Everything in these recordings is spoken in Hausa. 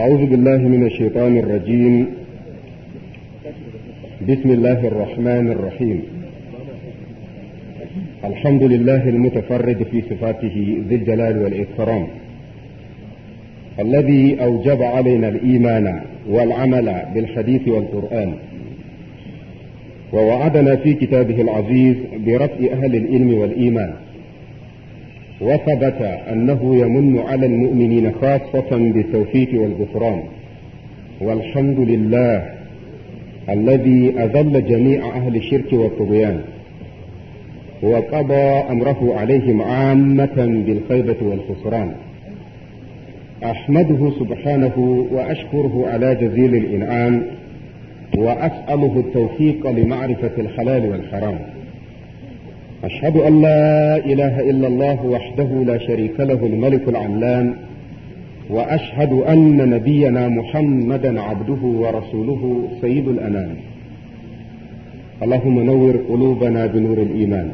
أعوذ بالله من الشيطان الرجيم بسم الله الرحمن الرحيم الحمد لله المتفرد في صفاته ذي الجلال والإكرام الذي أوجب علينا الإيمان والعمل بالحديث والقرآن ووعدنا في كتابه العزيز برفع أهل العلم والإيمان وثبت أنه يمن على المؤمنين خاصة بالتوفيق والغفران والحمد لله الذي أذل جميع أهل الشرك والطغيان وقضى أمره عليهم عامة بالخيبة والخسران أحمده سبحانه وأشكره على جزيل الإنعام وأسأله التوفيق لمعرفة الحلال والحرام أشهد أن لا إله إلا الله وحده لا شريك له الملك العلام وأشهد أن نبينا محمدا عبده ورسوله سيد الأنام اللهم نور قلوبنا بنور الإيمان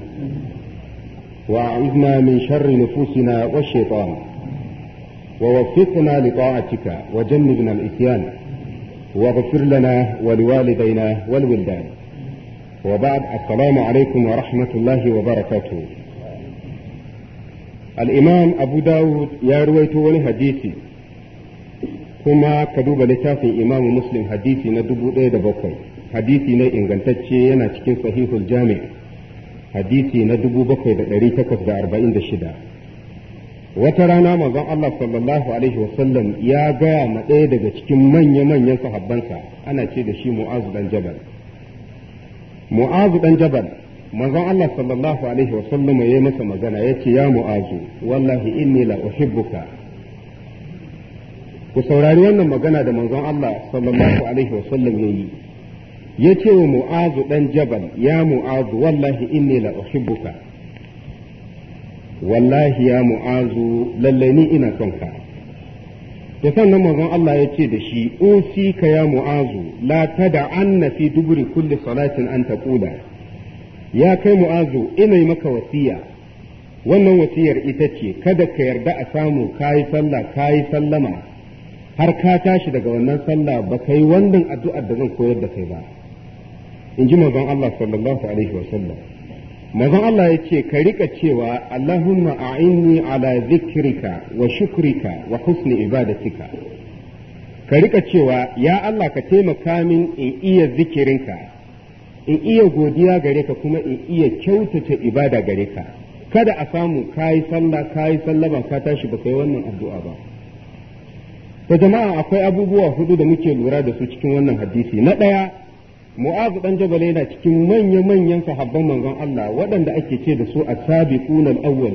وأعذنا من شر نفوسنا والشيطان ووفقنا لطاعتك وجنبنا الإتيان واغفر لنا ولوالدينا والولدان وبعد السلام عليكم ورحمة الله وبركاته الإمام أبو داود يرويت ولي حديثي كما كدوب لتافي إمام مسلم حديثي ندبو إيدا بوكي حديثي ني إنغنتتشي ينا تكين صحيح الجامع حديثي ندبو بوكي دقري تكس بأربعين دشدا وترانا مزان الله صلى الله عليه وسلم يا قام إيدا تكين من يمن ينصح بنسا أنا تشيد شي معاذ بن جبل mu'azu dan jabal manzon Allah sallallahu alaihi wa sallam yayi masa magana yace ya mu'azu wallahi inni la uhibbuka ku saurari wannan magana da manzon Allah sallallahu alaihi wa sallam yayi yace wa mu'azu dan jabal ya mu'azu wallahi inni la uhibbuka wallahi ya mu'azu lallai ni ina son ka da sannan manzon Allah ya ce da shi usi ka ya mu'azu la tada anna fi duburi kulli salatin an taqula ya kai mu'azu ina yi maka wasiya wannan wasiyar ita ce kada ka yarda a samu kayi sallah kayi sallama har ka tashi daga wannan sallah ba kai wannan addu'ar da zan koyar da kai ba in ji manzon Allah sallallahu alaihi sallam. manzon Allah ya ce ka rika cewa Allahumma a'inni ala zikrika wa shukrika wa husni ibadatika ka rika cewa ya Allah ka taimaka min in iya zikirinka in iya godiya gare ka kuma in iya kyautata ibada gare ka kada a samu kayi sallah kayi ba ka tashi ba kai wannan addu'a ba to jama'a akwai abubuwa hudu da muke lura da su cikin wannan hadisi na ɗaya mu'azu dan jabal yana cikin manya-manyan sahabban manzon Allah waɗanda ake ce da su as-sabiqun al-awwal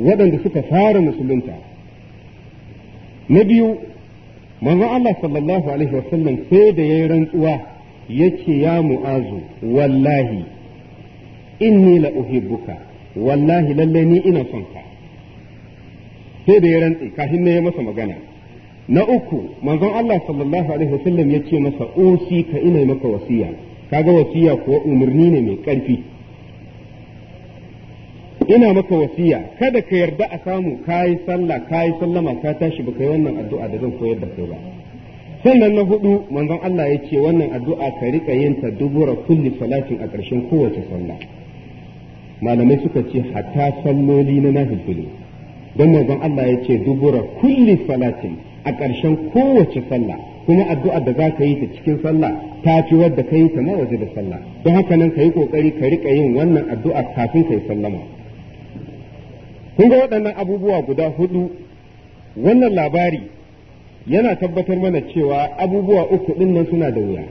waɗanda suka fara musulunta na biyu manzon Allah sallallahu alaihi wasallam sai da yayin rantsuwa yace ya mu'azu wallahi inni la uhibbuka wallahi lalle ni ina son ka sai da ya rantsi kafin ne ya masa magana na uku manzon Allah sallallahu alaihi wasallam ya ce masa usi ka ina maka wasiya kaga wasiya kuwa umarni ne mai ƙarfi ina maka wasiya kada ka yarda a samu kayi sallah kayi sallama ka tashi ba kai wannan addu'a da zan koyar da kai ba sannan na hudu manzon Allah ya ce wannan addu'a ka rika yin ta dubura kulli salatin a ƙarshen kowace sallah malamai suka ce hatta salloli na nafilfili don manzon Allah ya ce dubura kulli salatin a ƙarshen kowace sallah kuma addu'a da za ka yi ta cikin sallah ta fi wadda ka yi ta na waje da sallah don haka nan ka yi ƙoƙari ka riƙa yin wannan addu'a kafin ka yi sallama kun ga waɗannan abubuwa guda hudu wannan labari yana tabbatar mana cewa abubuwa uku ɗin nan suna da wuya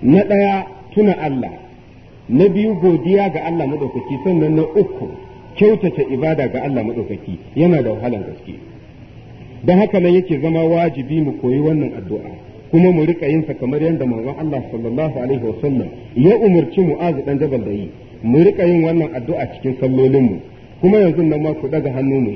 na ɗaya tuna Allah na biyu godiya ga Allah maɗaukaki sannan na uku kyautata ibada ga Allah maɗaukaki yana da wahalar gaske. don haka nan yake zama wajibi mu koyi wannan addu'a kuma mu rika yin sa kamar yadda manzon Allah sallallahu alaihi wasallam ya umarci Mu'az dan Jabal da yi mu rika yin wannan addu'a cikin sallolin mu kuma yanzu nan ma ku daga hannu mu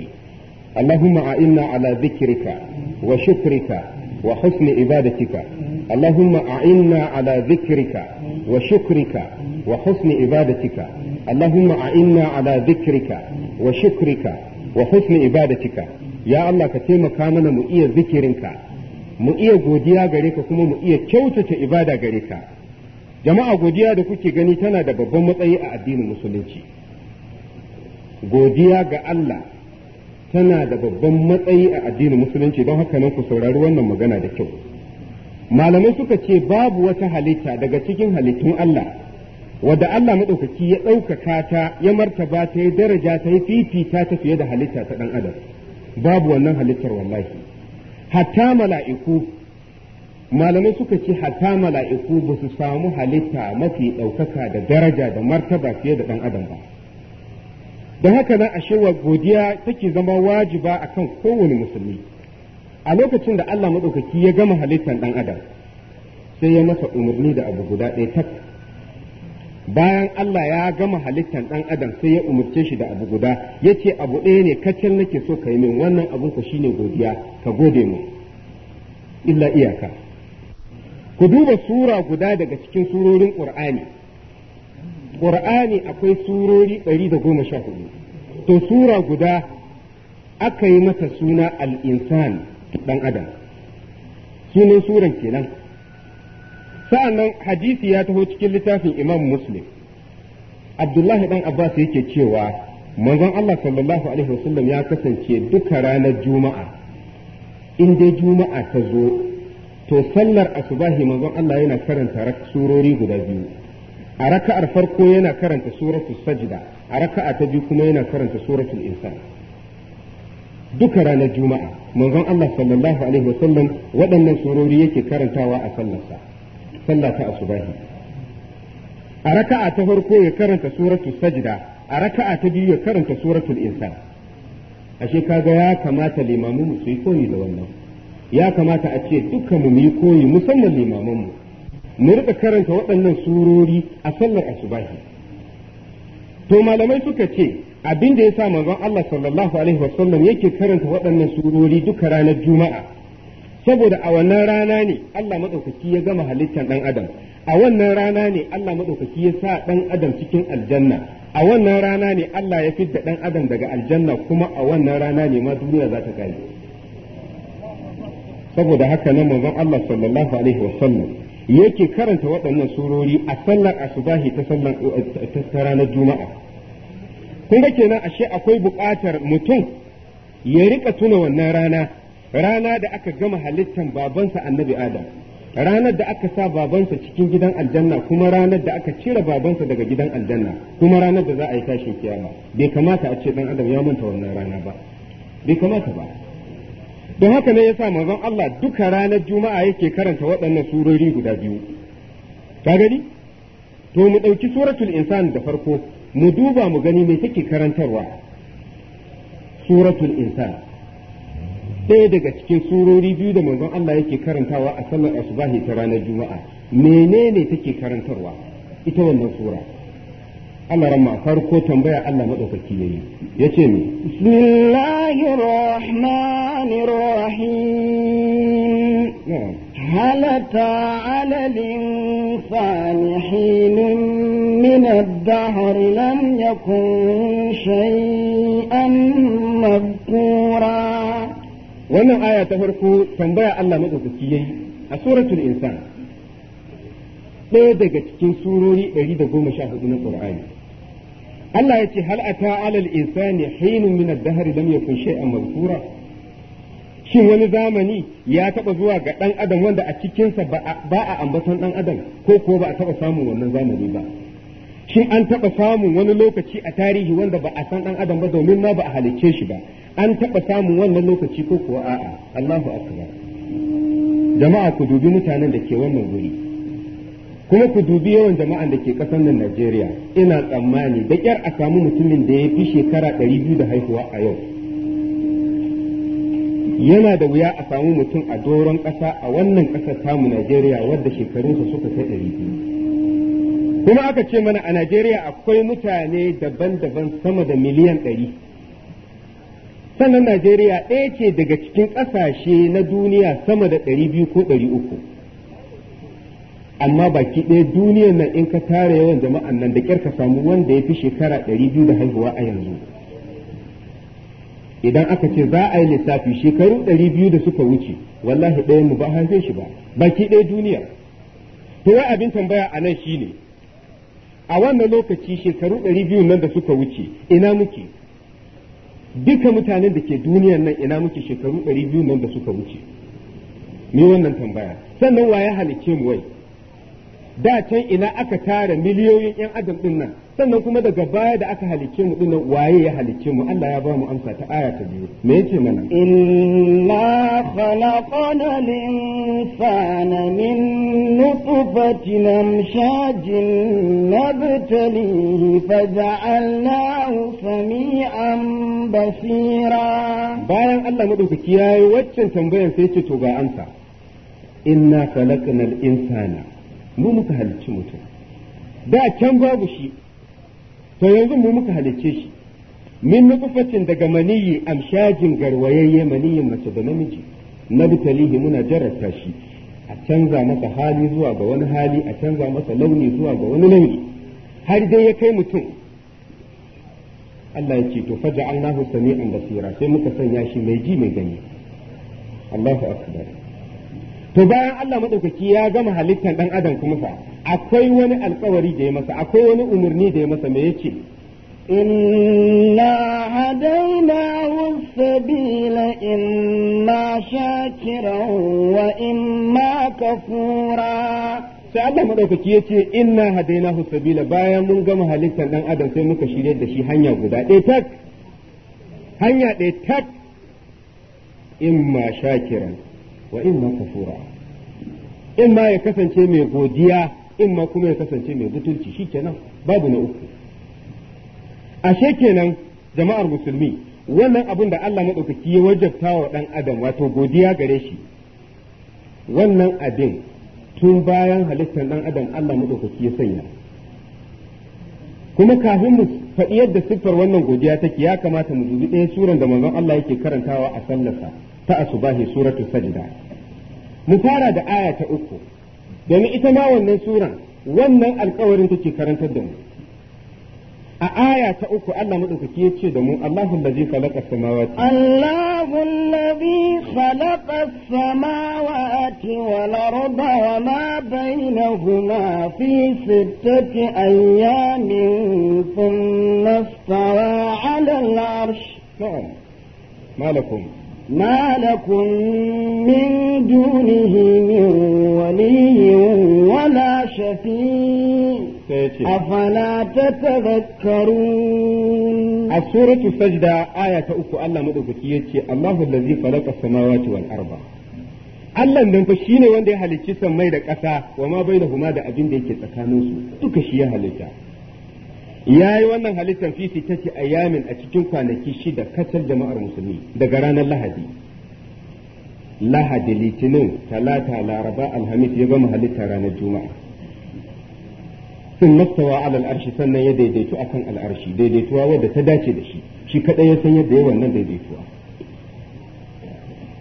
Allahumma a'inna ala dhikrika wa shukrika wa husni ibadatika Allahumma a'inna ala dhikrika wa shukrika wa husni ibadatika Allahumma a'inna ala dhikrika wa shukrika wa husni ibadatika ya Allah ka taimaka mana mu iya zikirinka mu iya godiya gare ka kuma mu iya kyautata ibada gare ka jama'a godiya da kuke gani tana da babban matsayi a addinin musulunci godiya ga Allah tana da babban matsayi a addinin musulunci don haka nan ku saurari wannan magana da kyau malamai suka ce babu wata halitta daga cikin halittun Allah wadda Allah maɗaukaki ya ɗaukaka ta ya martaba ta ya daraja ta yi fifita ta fiye da halitta ta ɗan adam babu wannan halittar wallahi hatta mala'iku malamai suka ce hatta mala'iku ba su samu halitta mafi ɗaukaka da daraja da martaba fiye da ɗan adam ba don haka nan ashe wa godiya take zama wajiba kan kowane musulmi a lokacin da Allah maɗaukaki ya gama halittar ɗan adam sai ya masa umarni da abu guda ɗaya tak bayan Allah ya gama halittar ɗan adam sai ya umarce shi da abu guda ya ce abu ɗaya ne kacal nake so ka yi min wannan abun ka shine godiya ka gode mu illa iyaka ku duba sura guda daga cikin surorin ƙur'ani ƙur'ani akwai surori ɗari da goma sha hudu to sura guda aka yi mata suna al'insan ɗan adam sunan suran kenan sa’an hadisi ya taho cikin littafin imam muslim abdullahi dan abbas yake cewa manzon allah sallallahu alaihi wasallam ya kasance duka ranar juma'a in dai juma'a ta zo to sallar asubahi manzon allah yana karanta surori guda biyu a raka'ar farko yana karanta suratul sajda a raka'a ta biyu kuma yana karanta suratul insan duka ranar juma'a manzon allah sallallahu alaihi wasallam waɗannan surori yake karantawa a sallarsa sallah ta asubahi a raka'a ta farko ya karanta suratul sajda a raka'a ta biyu ya karanta suratul insan ashe kaga ya kamata limamu su yi koyi da wannan ya kamata a ce dukkan mu yi koyi musamman limaman mu mu rika karanta waɗannan surori a sallar asubahi to malamai suka ce abin da ya sa manzon Allah sallallahu alaihi wasallam yake karanta waɗannan surori duka ranar juma'a saboda a wannan rana ne Allah maɗaukaki ya gama halittar ɗan adam a wannan rana ne Allah maɗaukaki ya sa ɗan adam cikin aljanna a wannan rana ne Allah ya fidda ɗan adam daga aljanna kuma a wannan rana ne ma duniya za ta kai saboda haka nan manzon Allah sallallahu alaihi wasallam yake karanta waɗannan surori a sallar asubahi ta sallar ta ranar juma'a kun ga kenan ashe akwai buƙatar mutum ya rika tuna wannan rana rana da aka gama halittan babansa annabi adam ranar da aka sa babansa cikin gidan aljanna kuma ranar da aka cire babansa daga gidan aljanna kuma ranar da za a yi tashin kiyama bai kamata a ce dan adam ya manta wannan rana ba bai kamata ba don haka ne yasa manzon Allah duka ranar juma'a yake karanta waɗannan surori guda biyu ka gani to mu ɗauki suratul insan da farko mu duba mu gani me take karantarwa suratul insan ɗaya daga cikin surori biyu da manzon Allah yake karantawa a sallar asubahi ta ranar juma'a menene take karantarwa ita wannan sura Allah ramma farko tambaya Allah madaukaki yayi yace ne bismillahir rahmanir rahim هل على الإنسان حين من الدهر لم يكن شيئا مذكورا wannan aya ta farko tambaya Allah madaukaki yayi a suratul insan ɗaya daga cikin surori 114 na Qur'ani Allah ya ce hal ata alal insani hinun min ad-dahr lam yakun shay'an mazkura shin wani zamani ya taba zuwa ga dan adam wanda a cikinsa ba a ambaton dan adam ko ko ba a taba samun wannan zamani ba shin an taba samun wani lokaci a tarihi wanda ba a san dan adam ba domin ma ba a halicce shi ba an taɓa samun wannan lokaci ko kuwa a'a Allahu akbar jama'a ku dubi mutanen da ke wannan guri kuma ku dubi yawan jama'an da ke ƙasar nan Najeriya ina tsammani da kyar a samu mutumin da ya fi shekara ɗari biyu da haihuwa a yau yana da wuya a samu mutum a doron ƙasa a wannan ƙasar tamu Najeriya wadda shekarunsa suka kai ɗari biyu kuma aka ce mana a Najeriya akwai mutane daban-daban sama da miliyan ɗari sannan Najeriya ɗaya ce daga cikin ƙasashe na duniya sama da ɗari biyu ko ɗari uku amma baki ɗaya duniyar nan in ka tara yawan jama'an nan da ƙyar ka samu wanda ya fi shekara ɗari biyu da haihuwa a yanzu idan aka ce za a yi lissafi shekaru ɗari biyu da suka wuce wallahi ɗayan mu ba haife shi ba baki ɗaya duniya to wai abin tambaya a nan shine a wannan lokaci shekaru ɗari biyu nan da suka wuce ina muke duka mutanen da ke duniyan nan ina muke shekaru ɗari biyu nan da suka wuce ni wannan tambaya sannan waye halicce mu wai da can ina aka tara miliyoyin yan adam din nan sannan kuma daga baya da aka halicce mu din nan waye ya halicce mu Allah ya ba mu amsa ta aya ta biyu me yace mana inna khalaqana insana وأزلفت الأمشاج نبتليه فجعلناه سميعا بصيرا bayan Allah madaukaki yayi waccan tambayar sai to ga amsa inna khalaqnal insana mu muka halicci mutum da can babu shi to yanzu mu muka halarci shi min nutfatin daga maniyi amshajin garwayayye maniyin mace da namiji nabtalihi muna jarrata shi a canza masa hali zuwa ga wani hali a canza masa launi zuwa ga wani launi har dai ya kai mutum Allah ya ce to faja Allahu sami'an basira sai muka sanya shi mai ji mai gani Allahu akbar to bayan Allah madaukaki ya gama halittar dan adam kuma fa akwai wani alƙawari da ya masa akwai wani umarni da ya masa me yake إنا هديناه السبيل إما شاكرا وإما كفورا sai Allah madaukaki ya ce inna hadainahu sabila bayan mun gama halittar dan adam sai muka shirye da shi hanya guda ɗaya tak hanya ɗaya tak imma shakiran wa imma kafura imma ya kasance mai godiya imma kuma ya kasance mai butulci shikenan babu na uku ashe kenan jama'ar musulmi wannan abin da Allah maɗaukaki ya wajabta wa ɗan adam wato godiya gare shi wannan abin tun bayan halittar ɗan adam Allah maɗaukaki ya sanya kuma kafin mu faɗi yadda siffar wannan godiya take ya kamata mu dubi ɗaya suran da manzon Allah yake karantawa a sallarsa ta asubahi suratu sajda mu fara da aya ta uku domin ita ma wannan suran wannan alkawarin take karantar da mu a aya ta uku Allah madaukaki ya ce da mu Allahu allazi khalaqa samawati Allahu allazi khalaqa samawati wal arda wa ma bainahuma fi sittati ayyamin thumma istawa 'ala al-'arsh na'am ma lakum min dunihi min دونه من ولي ولا A sajda aya ta uku Allah madaukaki yace, Allahu allazi khalaqa samawati wal arda Allah dan fa shine wanda ya halicci sammai da ƙasa wa ma bainahuma da abin da yake tsakanin su duka shi ya halitta yayi wannan halittar fi sitati ayamin a cikin kwanaki shida kacal jama'ar musulmi daga ranar Lahadi Lahadi Litinin Talata Laraba Alhamis ya gama halitta ranar Juma'a sun mastawa alal arshi sannan ya daidaitu akan al'arshi daidaituwa wadda ta dace da shi shi kadai ya san yadda ya wannan daidaituwa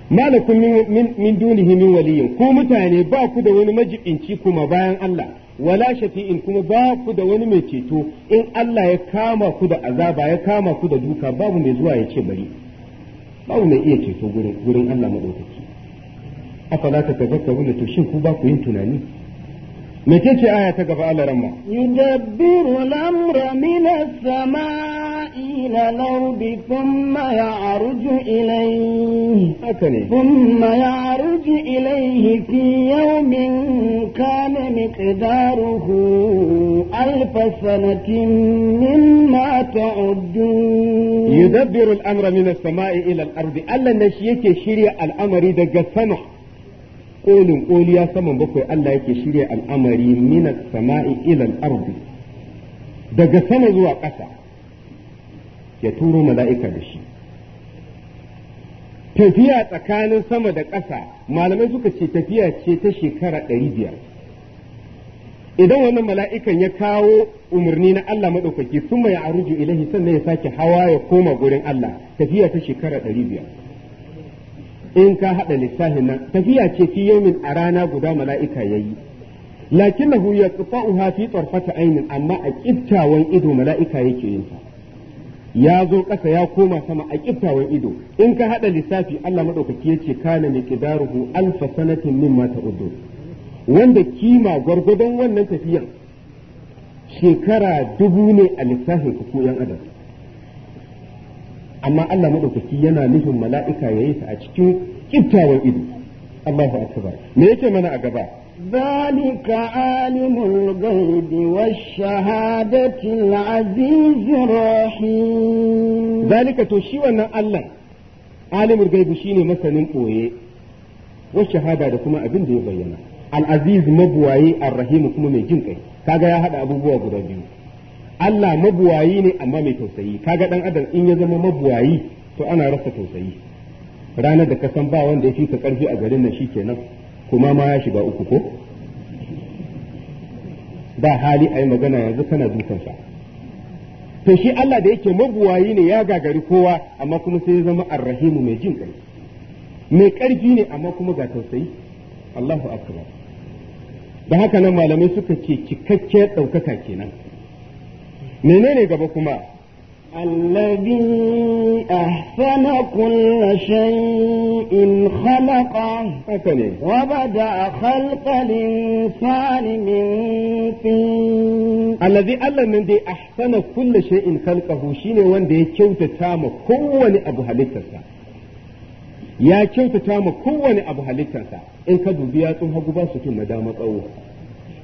malakun min dunihi min waliyin ku mutane ba ku da wani majibinci kuma bayan Allah wala shafi'in kuma ba ku da wani mai ceto in Allah ya kama ku da azaba ya kama ku da duka babu mai zuwa ya ce bari babu mai iya ceto gurin Allah madaukaki afala ta wannan to shin ku ba ku yin tunani متى تي آية تقف على رمى يدبر الأمر من السماء إلى الأرض ثم يعرج إليه أكني. ثم يعرج إليه في يوم كان مقداره ألف سنة مما تعدون يدبر الأمر من السماء إلى الأرض ألا نشيك شريع الأمر دق السمح kolin koliya saman bakwai Allah yake shirya al'amari minas sama'i ilal ardi daga sama zuwa ƙasa ya turo mala'ika da shi tafiya tsakanin sama da ƙasa malamai suka ce tafiya ce ta shekara ɗari biyar idan wannan mala'ikan ya kawo umarni na Allah maɗaukaki sun ya aruju ilahi sannan ya sake hawa ya koma gurin Allah tafiya ta shekara ɗari biyar in ka haɗa lissafin nan tafiya ce fi yamin a rana guda mala'ika yayi lakinnahu yaqta'uha fi tarfati ainin amma a kiftawan ido mala'ika yake yin sa ya zo ƙasa ya koma sama a kiftawan ido in ka haɗa lissafi Allah madaukaki yace kana miqdaruhu alf sanatin mata ta'uddu wanda kima gwargwadon wannan tafiyan shekara dubu ne a lissafin ku yan adam amma Allah madaukaki yana nufin mala'ika yayi sa a cikin kiftawan ido Allahu akbar me yake mana a gaba ذلك عالم الغيب والشهادة العزيز الرحيم ذلك تشيونا الله عالم الغيب شيني مثلا قوي والشهادة لكما أبن دي بينا العزيز مبوعي الرحيم كما ميجين كي كاقا يا هذا أبو بوا قرابيو Allah mabuwayi ne amma mai tausayi kaga dan adam in ya zama mabuwayi to ana rasa tausayi ranar da ka san ba wanda ya fi ka karfi a garin nan shikenan kuma ma ya shiga uku ko Da hali a yi magana yanzu kana dukansa to shi Allah da yake mabuwayi ne ya gagari kowa amma kuma sai ya zama arrahimu mai jin kai mai karfi ne amma kuma ga tausayi Allahu akbar da haka nan malamai suka ce cikakke ɗaukaka kenan menene gaba kuma Allazi ahsana kulla shay'in khalaqa haka ne wa bada khalqal insani min Allazi Allah min dai ahsana kulla shay'in khalqahu shine wanda ya kyautata ma kowani ya kyautata ma kowani abu halittarsa in ka dubi ya hagu ba su kin madama tsawo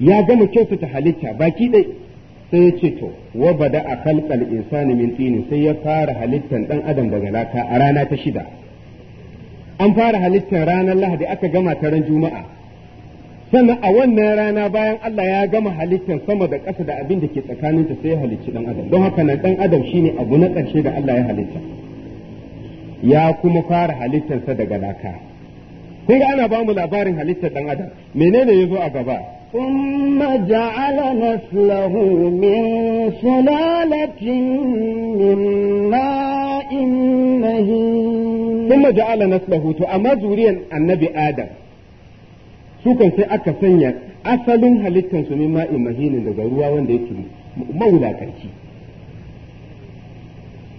ya gama kyautata halitta baki dai sai ya ce to wa bada a kalkal insani min tini sai ya fara halittan dan adam daga laka a rana ta shida an fara halittan ranar lahadi aka gama ta ran juma'a sannan a wannan rana bayan Allah ya gama halittan sama da ƙasa da abin da ke tsakaninta sai ya halicci dan adam don haka nan dan adam shine abu na ƙarshe da Allah ya halitta ya kuma fara halittansa daga laka kun ga ana ba mu labarin halittar dan adam menene zo a gaba ثم جعل نسله من سلالة من ماء مهين ثم جعل نسله تؤمى زوريا النبي آدم سوكا sai أكا سنيا أصل هلتا سمي ماء مهين daga ruwa wanda yake mawulakarci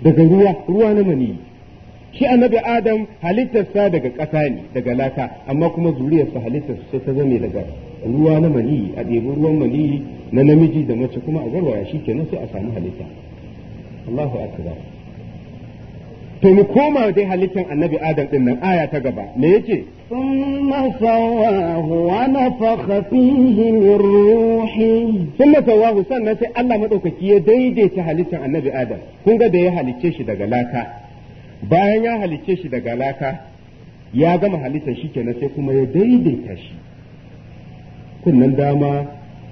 daga ruwa ruwa na maniyi shi annabi adam halittarsa daga ƙasa ne daga lata amma kuma zuriyarsa halittarsa sai ta zame daga ruwa na maniyi a ɗebi ruwan maniyi na namiji da mace kuma a garwaya shi kenan sai a samu halitta Allahu akbar to mu koma dai halittar annabi adam din nan aya ta gaba me yace thumma sawahu wa nafakha fihi min ruhi thumma sawahu sannan sai Allah madaukaki ya daidaita halittar annabi adam kun ga da ya halicce shi daga laka bayan ya halicce shi daga laka ya gama halittar shi kenan sai kuma ya daidaita shi kunnen dama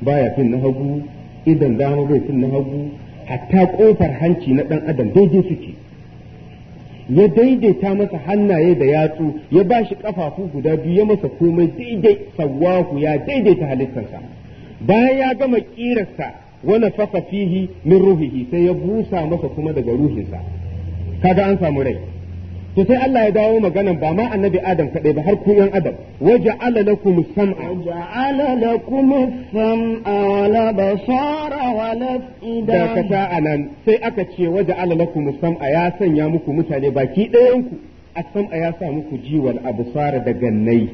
baya fin na hagu idan dama bai fin na hagu hatta kofar hanci na dan adam daidai suke ya daidaita masa hannaye da yatsu ya ba shi kafafu guda biyu ya masa komai daidai sawahu ya daidaita halittarsa bayan ya gama kirarsa wani faka fihi min ruhihi sai ya busa masa kuma daga ruhinsa kaga an samu rai to sai Allah ya dawo maganan ba ma annabi Adam kadai ba har ku yan Adam waja'ala lakum sam'a waja'ala lakum sam'a wala basara wala fida da kaka anan sai aka ce waja'ala lakum sam'a ya sanya muku mutane baki ɗayan ku a sam'a ya sa muku jiwal absara da gannai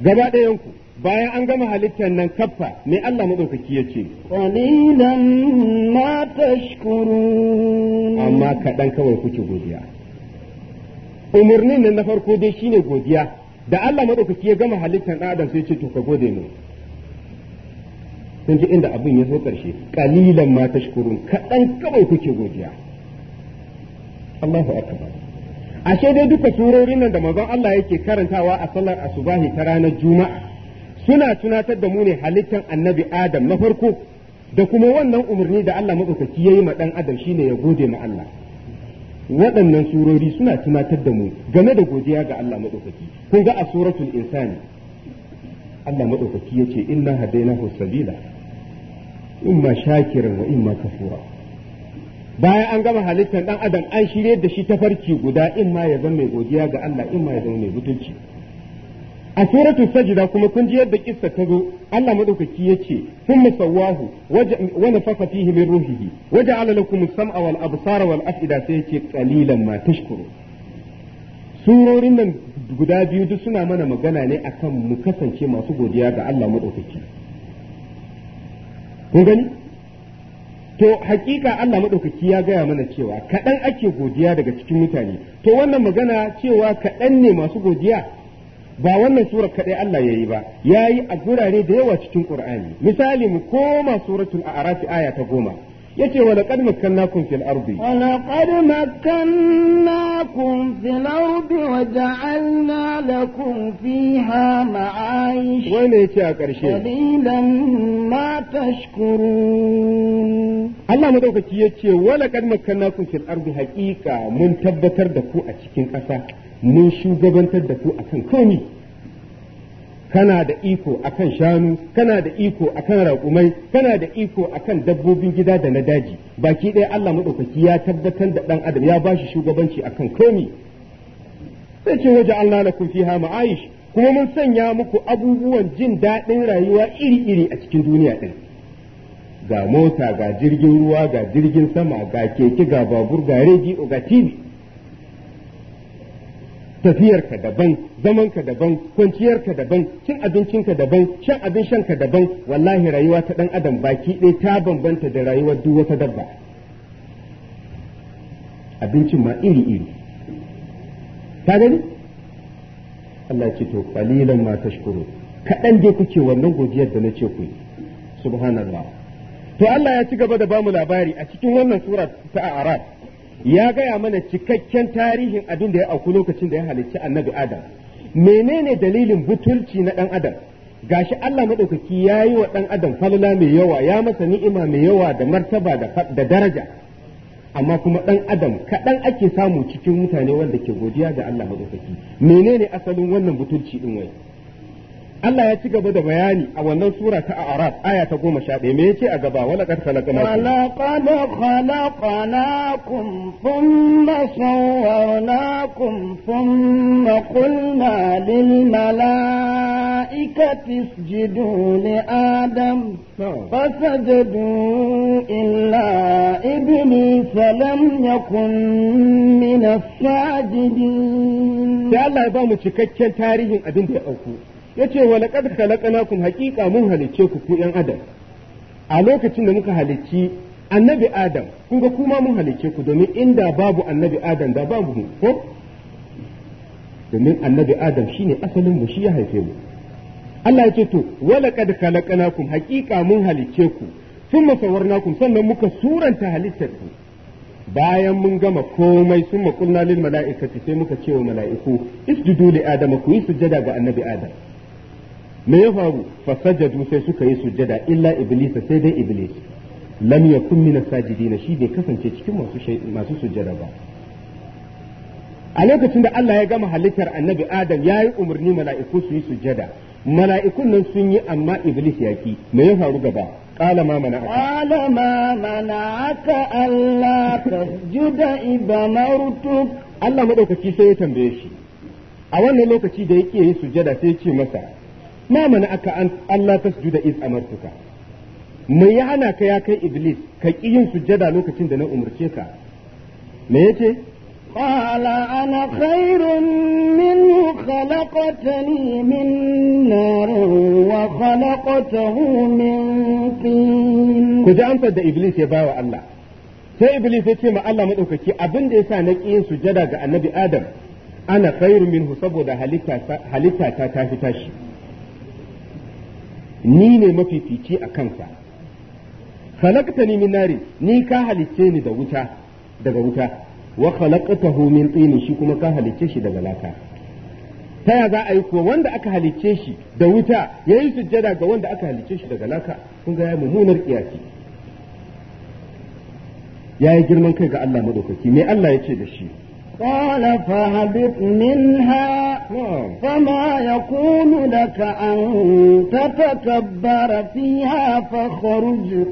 gaba ɗayan ku bayan an gama halittar nan kaffa mai Allah madaukaki ya ce. Qalilan ma tashkurun. Amma kaɗan kawai kuke godiya. umarnin nan na farko dai shine godiya da Allah madaukaki ya gama halittar dan adam sai ce to ka gode mu kun ji inda abin ya zo karshe qalilan ma tashkurun kaɗan kawai kuke godiya Allahu akbar ashe dai duka surorin nan da manzon Allah yake karantawa a sallar asubahi ta ranar juma'a suna tunatar da mu ne halittar annabi adam na farko da kuma wannan umarni da Allah madaukaki yayi ma dan adam shine ya gode ma Allah waɗannan surori suna tunatar da mu game da godiya ga Allah maɗaukaki kun ga a suratul insani Allah maɗaukaki ya ce inna hadainahu sabila imma shakiran wa imma kafura bayan an gama halittar dan adam an shirye da shi ta farki guda imma ya zama mai godiya ga Allah imma ya zama mai butunci. a suratu sajida kuma kun ji yadda kissa ta zo Allah madaukaki yace sun musawahu wa nafakha fihi min ruhihi wa ja'ala lakum sama wal absara wal af'ida sai yace qalilan ma tashkuru surorin nan guda biyu duk suna mana magana ne akan mu kasance masu godiya ga Allah madaukaki kun gani to hakika Allah maɗaukaki ya gaya mana cewa kaɗan ake godiya daga cikin mutane to wannan magana cewa kaɗan ne masu godiya ba wannan surar kaɗai Allah ya yi ba ya yi a gurare da yawa cikin ƙur'ani misali mu koma suratul arafi aya ta goma yace wa laqad makkannakum fil ardi wa laqad makkannakum fil ardi wa ja'alna lakum fiha ma'ayish ya ce a ƙarshe qalilan ma tashkurun Allah madaukaki yace wa laqad makkannakum fil ardi haqiqa mun tabbatar da ku a cikin ƙasa mun shugabantar da ku akan komi kana da iko akan shanu kana da iko akan raƙumai kana da iko akan dabbobin gida da na daji baki ɗaya Allah maɗaukaki ya tabbatar da ɗan adam ya ba shi shugabanci akan komi sai ce waje Allah na kun fiha ma'aish kuma mun sanya muku abubuwan jin daɗin rayuwa iri-iri a cikin duniya ɗin ga mota ga jirgin ruwa ga jirgin sama ga keke ga babur ga rediyo ga tv tafiyarka daban zamanka daban kwanciyarka daban cin abincinka daban shan abin shanka daban wallahi rayuwa ta dan adam baki ɗaya ta bambanta da rayuwar duk wata dabba abincin ma iri iri ta gani Allah ce to qalilan ma tashkuru kaɗan dai kuke wannan godiyar da nace ku subhanallah to Allah ya ci gaba da bamu labari a cikin wannan sura ta Arab ya gaya mana cikakken tarihin abin da ya auku lokacin da ya halicci annabi adam menene dalilin butulci na dan adam gashi Allah madaukaki ya yi wa dan adam falala mai yawa ya masa ni'ima mai yawa da martaba da daraja amma kuma dan adam kaɗan ake samu cikin mutane wanda ke godiya ga Allah madaukaki menene asalin wannan butulci din wai Allah ya ci gaba da bayani a wannan sura ta Arab aya ta goma sha ɗaya me yake a gaba wala kad khalaqna laqad khalaqnakum thumma sawwarnakum thumma qulna lil malaikati isjudu li adam fasajadu illa iblis lam yakun min as-sajidin Allah ya ba mu cikakken tarihin abin da ya auku yace wa laqad khalaqnakum haqiqa mun halicce ku ku yan adam a lokacin da muka halicci annabi adam kun ga kuma mun halicce ku domin inda babu annabi adam da babu mu ko domin annabi adam shine asalin mu shi ya haife mu Allah yace to wa laqad khalaqnakum haqiqa mun halicce ku thumma sawarnakum sannan muka suranta halittar ku bayan mun gama komai sun makulna lil mala'ikati sai muka ce wa mala'iku isjudu li adam ku yi sujada ga annabi adam me ya faru fa sajadu sai suka yi sujjada illa iblis sai dai iblis lam yakun min sajidin shi bai kasance cikin masu masu sujjada ba a lokacin da Allah ya gama halittar annabi Adam ya yi umarni mala'iku su yi sujjada mala'ikun nan sun yi amma iblis ya ki me ya faru gaba qala ma mana'aka qala ma mana'aka alla tasjuda ibamartuk Allah madaukaki sai ya tambaye shi a wannan lokaci da yake yi sujjada sai ya ce masa ma mana aka an Allah tasjuda iz amartuka me ya hana ka ya kai iblis ka ki yin sujjada lokacin da na umarce ka me yace قال أنا خير منه خلقتني من نار وخلقته من an كجا iblis ya ba wa Allah, sai Iblis ya ce ma Allah maɗaukaki abin da ya sa na ƙi yin sujada ga annabi Adam ana khairu minhu saboda halitta ta tafi tashi ni ne mafifici a kansa ni min nari ni ka halicce ni da wuta daga wuta wa khalaqtahu min tini shi kuma ka halicce shi daga laka ta ya za a yi kuwa wanda aka halicce shi da wuta ya yi sujjada ga wanda aka halicce shi daga laka kun ga ya mummunar kiyaki ya yi girman kai ga Allah madaukaki me Allah ya ce da shi قال فهبط منها نعم. فما يكون لك أن تتكبر فيها فاخرج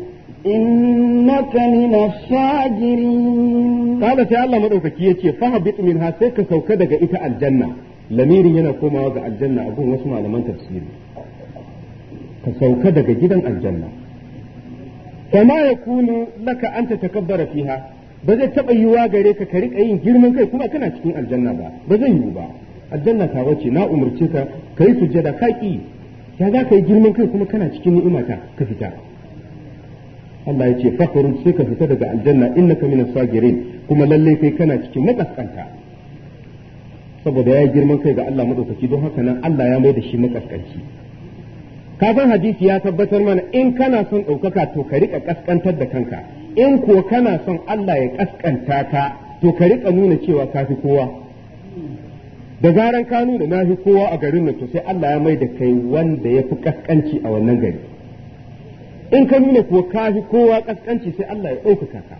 إنك من الصاجرين قال تعالى مدوكي يتي فهبط منها سيك سوكدك إتا الجنة لميري ينا كوما وغا الجنة أقول واسمع لمن تفسيري كسوكا جدا الجنة فما يكون لك أن تتكبر فيها ba zai taɓa yiwa gare ka ka riƙa yin girman kai kuma kana cikin aljanna ba ba zan yiwu ba aljanna ta wace na umarce ka ka yi sujjada ka ƙi ya za ka yi girman kai kuma kana cikin ni'imata ka fita Allah ya ce fakhruj sai ka fita daga aljanna innaka minas sagirin kuma lalle kai kana cikin makaskanta saboda ya yi girman kai ga Allah madaukaki don haka nan Allah ya mai da shi makaskanci kafin hadisi ya tabbatar mana in kana son ɗaukaka to ka riƙa kaskantar da kanka in ko kana son Allah ya kaskanta ka to ka rika nuna cewa ka fi kowa da zaran ka nuna na fi kowa a garin nan to sai Allah ya mai da kai wanda ya fi kaskanci a wannan gari in ka nuna ko ka fi kowa kaskanci sai Allah ya ɗaukaka ka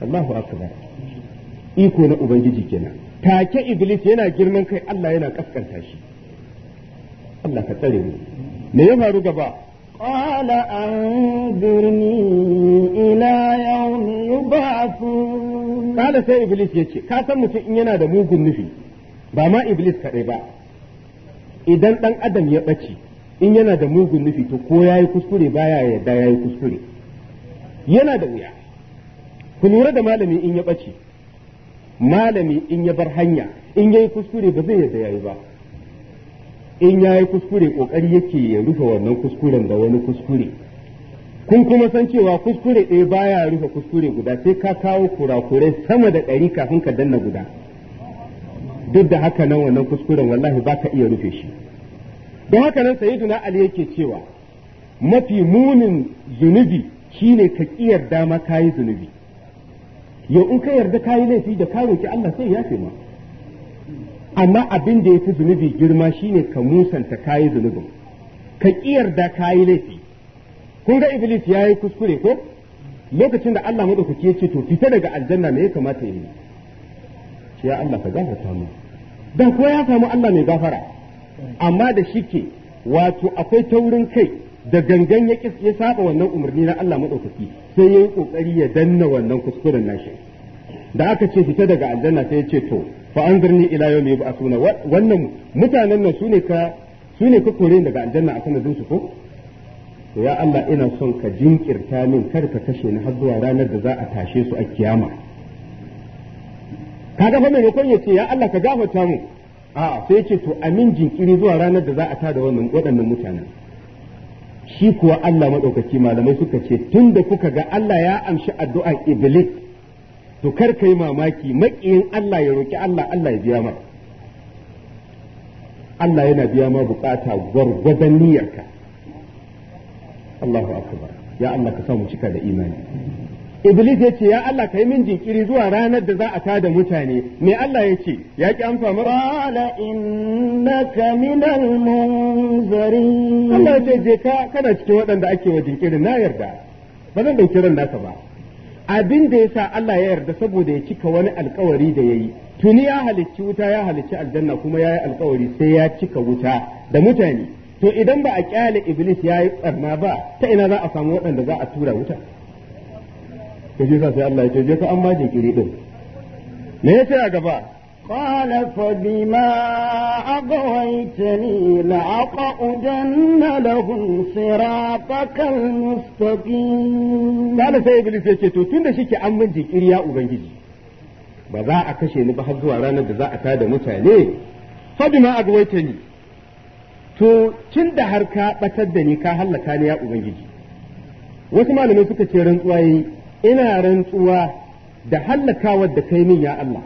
Allahu akbar iko na ubangiji kenan take iblis yana girman kai Allah yana kaskanta shi Allah ka tsare mu me ya faru gaba قال أنذرني إلى يوم يبعثون قال سي إبليس يتشي كاتم متئن ينا دا موغن بما إبليس كريبا idan ɗan adam ya in yana da mugun nufi to ko ya yi kuskure baya yadda ya yi kuskure yana da wuya ku lura da malami in ya ɓace malami in ya bar hanya in ya yi kuskure ba zai yadda ya yi ba in ya yi kuskure ƙoƙari yake ya rufe wannan kuskuren da wani kuskure kun kuma san cewa kuskure ɗaya baya rufe kuskure guda sai ka kawo kurakurai sama da ɗari kafin ka danna guda duk da haka nan wannan kuskuren wallahi ba ka iya rufe shi don haka nan sayyiduna ali yake cewa mafi munin zunubi shine ka dama dama kayi zunubi yau in ka yarda kayi laifi da ka roki Allah sai ya ce ma amma abin da ya fi zunubi girma shine ka musanta kayi zunubin ka kiyarda kayi laifi kun ga iblis ya yi kuskure ko lokacin da Allah madaukaki ya ce to fita daga aljanna me ya kamata yi ya Allah ka gafarta mu dan ko ya samu Allah mai gafara amma da shike wato akwai taurin kai da gangan ya ya saba wannan umarni na Allah madaukaki sai yayi kokari ya danna wannan kuskuren nashi da aka ce fita daga aljanna sai ya ce to fa anzirni ila yawmi yub'athuna wannan mutanen nan sune ka sune ka kore daga aljanna a kana su ko to ya Allah ina son ka jinkirta min kar ka kashe ni har zuwa ranar da za a tashe su a kiyama kaga fa maimakon ya yace ya Allah ka gafarta mu a sai ce to amin jinkiri zuwa ranar da za a tada wannan waɗannan mutanen shi kuwa Allah madaukaki malamai suka ce tunda kuka ga Allah ya amshi addu'ar iblis to kar ka yi mamaki maƙiyin Allah ya roƙi Allah Allah ya biya ma Allah yana biya ma bukata gwargwadon niyyarka Allahu akbar ya Allah ka samu cika da imani Iblis ya ce ya Allah ka yi min jinkiri zuwa ranar da za a tada mutane me Allah ya ce ya ki amsa mara qala innaka minal munzirin Allah ya ce je ka kana cikin waɗanda ake wa jinkirin na yarda ba zan dauki ran ba abin da ya sa Allah ya yarda saboda ya cika wani alkawari da yayi tuni ya halicci wuta ya halicci aljanna kuma ya yi alkawari sai ya cika wuta da mutane to idan ba a kyale iblis ya yi tsarna ba ta ina za a samu waɗanda za a tura wuta to sa sai Allah ya ce je ka an ma jinkiri din me yace gaba قال فبما أغويتني لأقعدن لهم صراطك المستقيم قال سيد إبليس يكي تو تند شيك أمن جيكيري يا أبنجي بزا أكشي نبحر زوا رانا بزا أتاد متالي فبما أغويتني to tun da har ka batar da ni ka hallaka ni ya ubangiji wasu malamai suka ce rantsuwa yi ina rantsuwa da hallakawar da kai min ya Allah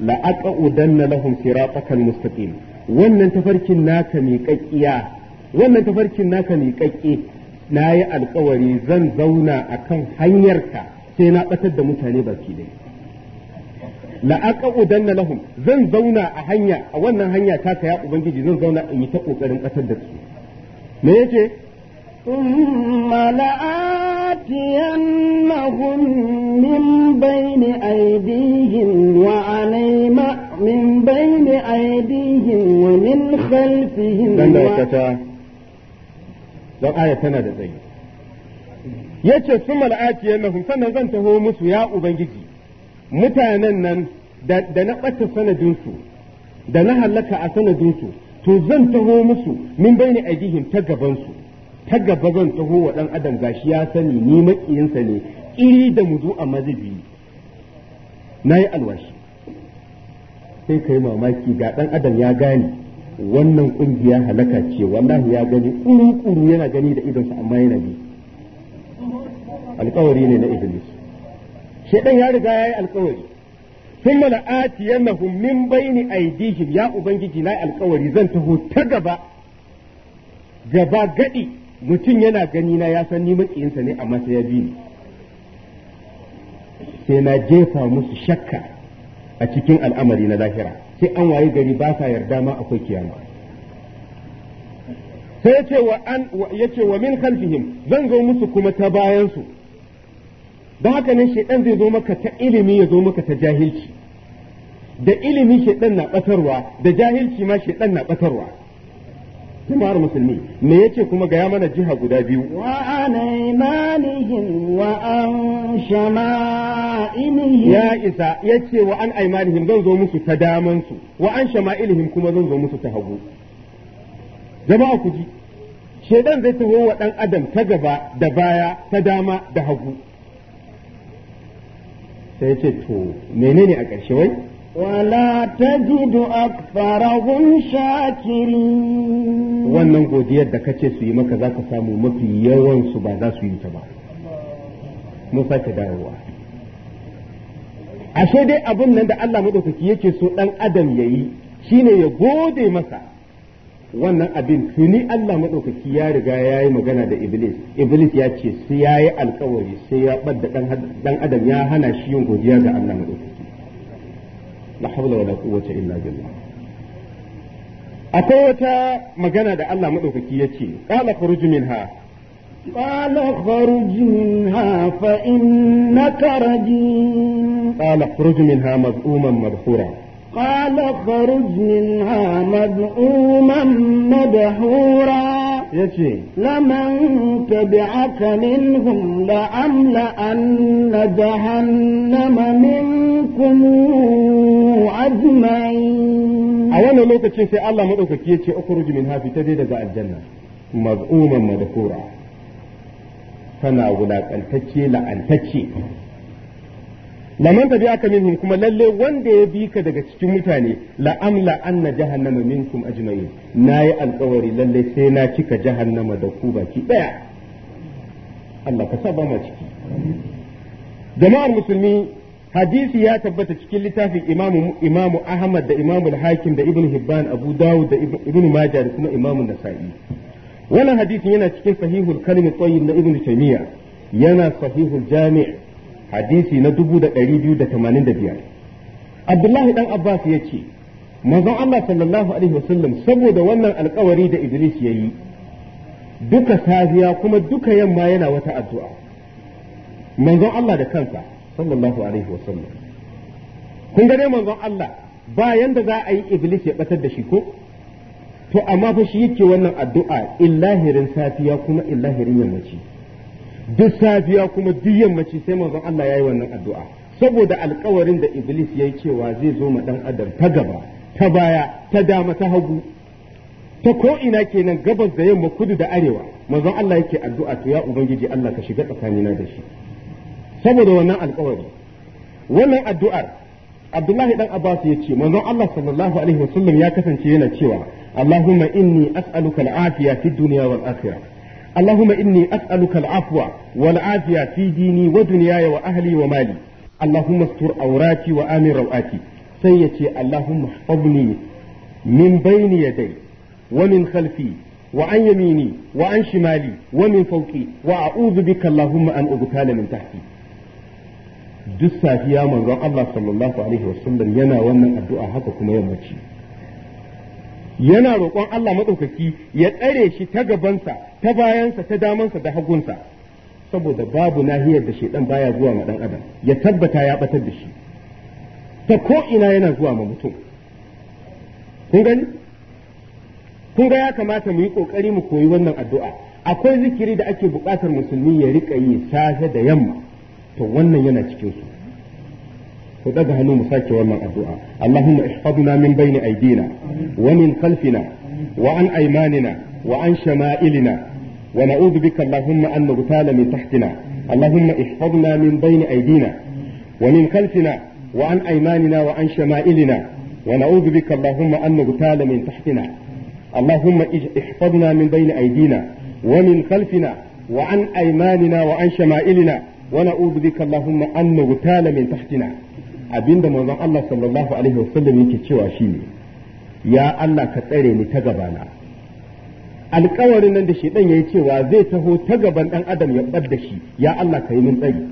la udanna lahum siratakal mustaqim wannan tafarkin naka kakkiya wannan tafarkin naka miƙaƙe na yi alkawari zan zauna a kan hanyarka sai na ɓatar da mutane baki dai la'aƙa'udan udanna lahum zan zauna a hanya a wannan hanya ta taka ya ubangiji zan zauna in yi ta ƙoƙarin ɓatar da su me yake ثم لآتينهم من بين أيديهم وعن من بين أيديهم ومن خلفهم don aya tana da zai. ya ce su mala'aci yanahum sannan zan taho musu ya ubangiji mutanen nan da na ɓata sanadinsu da na halaka a sanadinsu to zan taho musu min bayni aidihim ta gabansu ta gaba zan taho wa ɗan adam gashi ya sani ni maƙiyinsa ne iri da mudu a mazubi na yi alwashi sai ka yi mamaki ga ɗan adam ya gane wannan ƙungiya halaka ce wallahi ya gani ƙuru-ƙuru yana gani da idonsa amma yana bi alƙawari ne na iblis shaidan ya riga ya yi alƙawari sun mana atiyannahum min baini aidihim ya ubangiji na yi alƙawari zan taho ta gaba gaba gaɗi. mutum yana gani na ya san ni makiyinsa ne a masa ya bi ni sai na jefa musu shakka a cikin al'amari na lahira sai an waye gari ba sa yarda ma akwai kiyama sai ya ce wa min khalfihim zan zo musu kuma ta bayansu. Da haka ne shaidan zai zo maka ta ilimi ya zo maka ta jahilci da ilimi shaidan na batarwa da jahilci ma shaidan na batarwa jama'ar musulmi me yake kuma gaya mana jiha guda biyu wa anaimanihim wa an shama'ilihim ya isa yace wa an aimanihim zan zo musu ta daman su wa an shama'ilihim kuma zan zo musu ta hagu jama'a ku ji shedan zai taho wa dan adam ta gaba da baya ta dama da hagu sai yace to menene a karshe wai ولا تجد أكثرهم شاكرين wannan godiyar da kace su yi maka zaka samu mafi yawan su ba za su yi ta ba mun sake dawowa ashe dai abun nan da Allah madaukaki yake so dan adam yayi shine ya gode masa wannan abin tuni Allah madaukaki ya riga ya yi magana da Iblis Iblis ya ce sai ya yi alkawari sai ya bar da dan adam ya hana shi yin godiya ga Allah madaukaki لا حول ولا قوة إلا بالله أقوى مجانا دا الله مدوكي يتي قال اخرج منها قال اخرج منها فإنك رجيم قال اخرج منها مذؤوما مدحورا قال اخرج منها مذؤوما مدحورا yace laman tabi'aka minhum la amla anna jahannama minkum ajma'in a wannan lokacin sai Allah madaukaki yace ukhruj min hafi ta dai daga aljanna maz'uman madkura tana wulakantacce la'antacce laman tabi aka minhum kuma lalle wanda ya bi ka daga cikin mutane la amla anna jahannama minkum ajma'in nayi alƙawari lalle sai na cika jahannama da ku baki daya Allah ka saba mu ciki jama'ar musulmi hadisi ya tabbata cikin littafin imamu imamu ahmad da imamu hakim da ibnu hibban abu dawud da ibnu majah da kuma imamu nasa'i wannan hadisin yana cikin sahihul kalimi tayyib na ibnu taymiya yana sahihul jami' hadisi na biyar Abdullahi dan Abbas ya ce manzon Allah sallallahu alaihi wasallam saboda wannan alkawari da Idris ya yi duka safiya kuma duka yamma yana wata addu'a manzon Allah da kansa sallallahu alaihi wasallam kun ga dai manzon Allah ba yanda za a yi Iblis ya batar da shi ko to amma fa shi yake wannan addu'a illahirin safiya kuma illahirin yammaci duk safiya kuma duk yammaci sai manzon Allah yayi wannan addu'a saboda alkawarin da Iblis yayi cewa zai zo ma dan adam ta gaba ta baya ta dama ta hagu ta ko ina kenan gabas da yamma kudu da arewa manzon Allah yake addu'a to ya ubangiji Allah ka shiga tsakanina da shi saboda wannan alkawari wannan addu'ar Abdullahi dan Abbas ya ce manzon Allah sallallahu alaihi wasallam ya kasance yana cewa Allahumma inni as'aluka al-afiya fid dunya wal akhirah اللهم إني أسألك العفو والعافية في ديني ودنياي وأهلي ومالي اللهم استر عوراتي وآمن روآتي سيتي اللهم احفظني من بين يدي ومن خلفي وعن يميني وعن شمالي ومن فوقي وأعوذ بك اللهم أن أبتال من تحتي duk safiya manzon Allah sallallahu alaihi wasallam yana wannan addu'a haka kuma yammaci yana roƙon Allah maɗaukaki ya tsare shi ta gabansa ta bayansa ta damansa da hagunsa saboda babu nahiyar da shaidan baya zuwa ma ɗan adam ya tabbata ya batar da shi ta ko yana zuwa ma mutum kun gani kun ga ya kamata mu yi ƙoƙari mu koyi wannan addu'a akwai zikiri da ake buƙatar musulmi ya riƙa yi safe da yamma to wannan yana cikin su فدقها نوم فاكي والله أدعاء اللهم احفظنا من بين أيدينا ومن خلفنا وعن أيماننا وعن شمائلنا ونعوذ بك اللهم أن نغتال من تحتنا اللهم احفظنا من بين أيدينا ومن خلفنا وعن أيماننا وعن شمائلنا ونعوذ بك اللهم أن نغتال من تحتنا اللهم احفظنا من بين أيدينا ومن خلفنا وعن أيماننا وعن شمائلنا ونعوذ بك اللهم أن نغتال من تحتنا abinda manzon Allah sallallahu alaihi wasallam yake cewa shine ya Allah ka tsare ni ta gabana alkawarin nan da shedan yayi cewa zai taho ta gaban dan adam ya badda shi ya Allah ka yi min tsari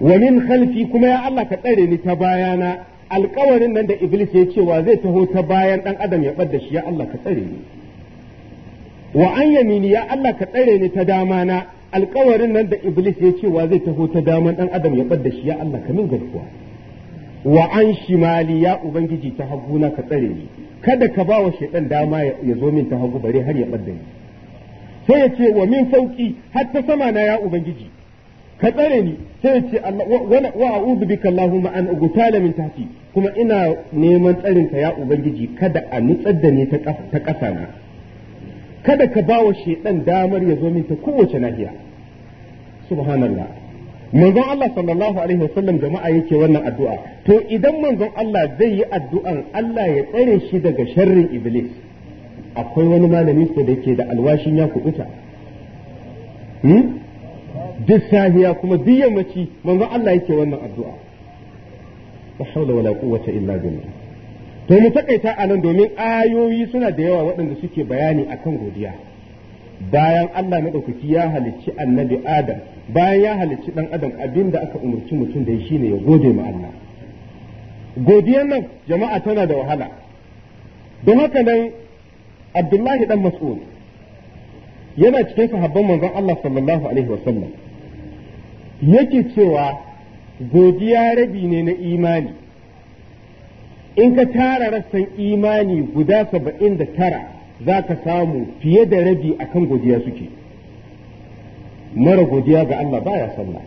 wa min khalfi kuma ya Allah ka tsare ni ta bayana alkawarin nan da iblis ya cewa zai taho ta bayan dan adam ya badda shi ya Allah ka tsare ni wa an yamini ya Allah ka tsare ni ta dama na alkawarin nan da iblis ya ce wa zai taho ta daman dan adam ya bar shi ya Allah ka min garkuwa wa an shimali ya ubangiji ta hagu na ka tsare ni kada ka ba wa shaitan dama ya zo min ta hagu bare har ya bar ni sai ya ce wa min fauki har ta sama na ya ubangiji ka tsare ni sai ya ce wa a'udhu bika allahumma an ugtala min tahti kuma ina neman tsarin ka ya ubangiji kada a nutsar da ni ta kasa na kada ka bawa shaidan damar ya zo min ta kowace nahiya subhanallah manzon Allah sallallahu alaihi wasallam jama'a yake wannan addu'a to idan manzon Allah zai yi addu'an Allah ya tsare shi daga sharrin iblis akwai wani malami ko da yake da alwashin ya kubuta hmm? duk sahiya kuma duk yammaci manzon Allah yake wannan addu'a la hawla wala quwwata illa billah to mu takaita a nan domin ayoyi suna da yawa waɗanda suke bayani a kan godiya bayan Allah na ɗaukaki ya halicci annabi Adam bayan ya halicci ɗan Adam abin da aka umarci mutum da shi ne ya gode ma Allah godiyan nan jama'a tana da wahala don haka nan Abdullahi dan Mas'ud yana cikin sahabban manzon Allah sallallahu alaihi wasallam yake cewa godiya rabi ne na imani in ka tara rassan imani guda saba'in da tara za ka samu fiye da rabi a kan godiya suke mara godiya ga Allah baya sallah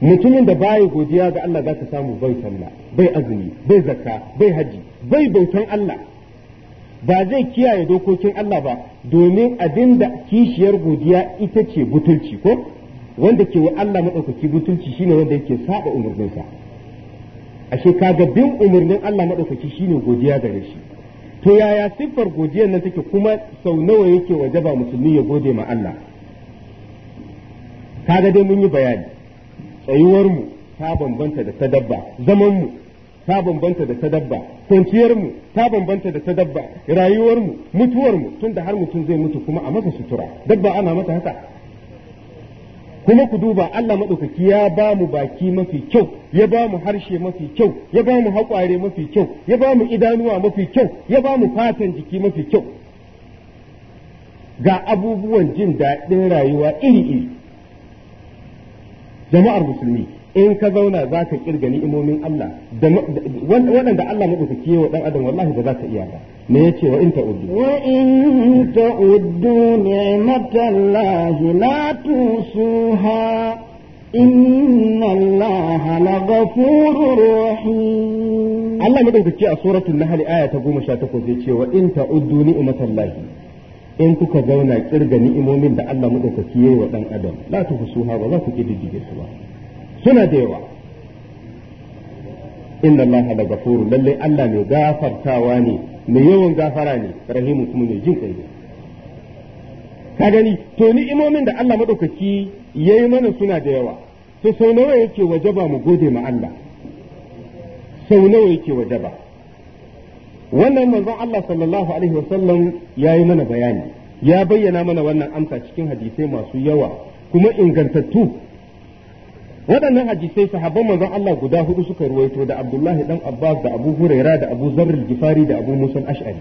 mutumin da baya godiya ga Allah za ka samu bai sallah bai azumi bai zakka bai haji bai bautan Allah ba zai kiyaye dokokin Allah ba domin abin da kishiyar godiya ita ce butulci ko wanda ke wa Allah maɗaukaki butulci shine wanda yake saba umarninsa. ashe kaga bin umarnin Allah maɗaukaki shine godiya gare shi to yaya siffar godiyar nan take kuma sau nawa yake wajaba musulmi ya gode ma Allah kaga dai mun yi bayani tsayuwar mu ta bambanta da ta dabba zaman mu ta bambanta da ta dabba kwanciyar mu ta bambanta da ta dabba rayuwar mu mutuwar mu tunda har mutum zai mutu kuma a masa sutura dabba ana mata haka kuma ku duba Allah maɗaukaki ya ba mu baki mafi kyau ya ba mu harshe mafi kyau ya ba mu haƙware mafi kyau ya ba mu idanuwa mafi kyau ya ba mu fatan jiki mafi kyau ga abubuwan jin daɗin rayuwa iri-iri jama'ar musulmi in ka zauna za ka kirga ni'imomin Allah waɗanda Allah maɗaukaki wa ɗan adam wallahi ba za ka iya ba me ya ce wa in ta'uddu wa in ta'uddu ni'matallahi la tusuha inna Allah laghafurur rahim Allah maɗaukaki a suratul nahl aya ta 18 ce wa in ta'uddu ni'matallahi in kuka zauna kirga ni'imomin da Allah maɗaukaki yayi wa ɗan adam la tuhsuha ba za ku kididdige su ba suna da yawa inna Allah da gafuru lalle Allah mai gafartawa ne mai yawan gafara ne rahimu kuma mai jin kai ka gani to ni imomin da Allah madaukaki yayi mana suna da yawa to sau nawa yake wajaba mu gode ma Allah sau nawa yake wajaba wannan manzon Allah sallallahu alaihi wasallam yayi mana bayani ya bayyana mana wannan amsa cikin hadisai masu yawa kuma ingantattu waɗannan hadisai sahabban manzon Allah guda hudu suka ruwaito da Abdullahi dan Abbas da Abu Huraira da Abu Zarr al da Abu Musa al-Ash'ari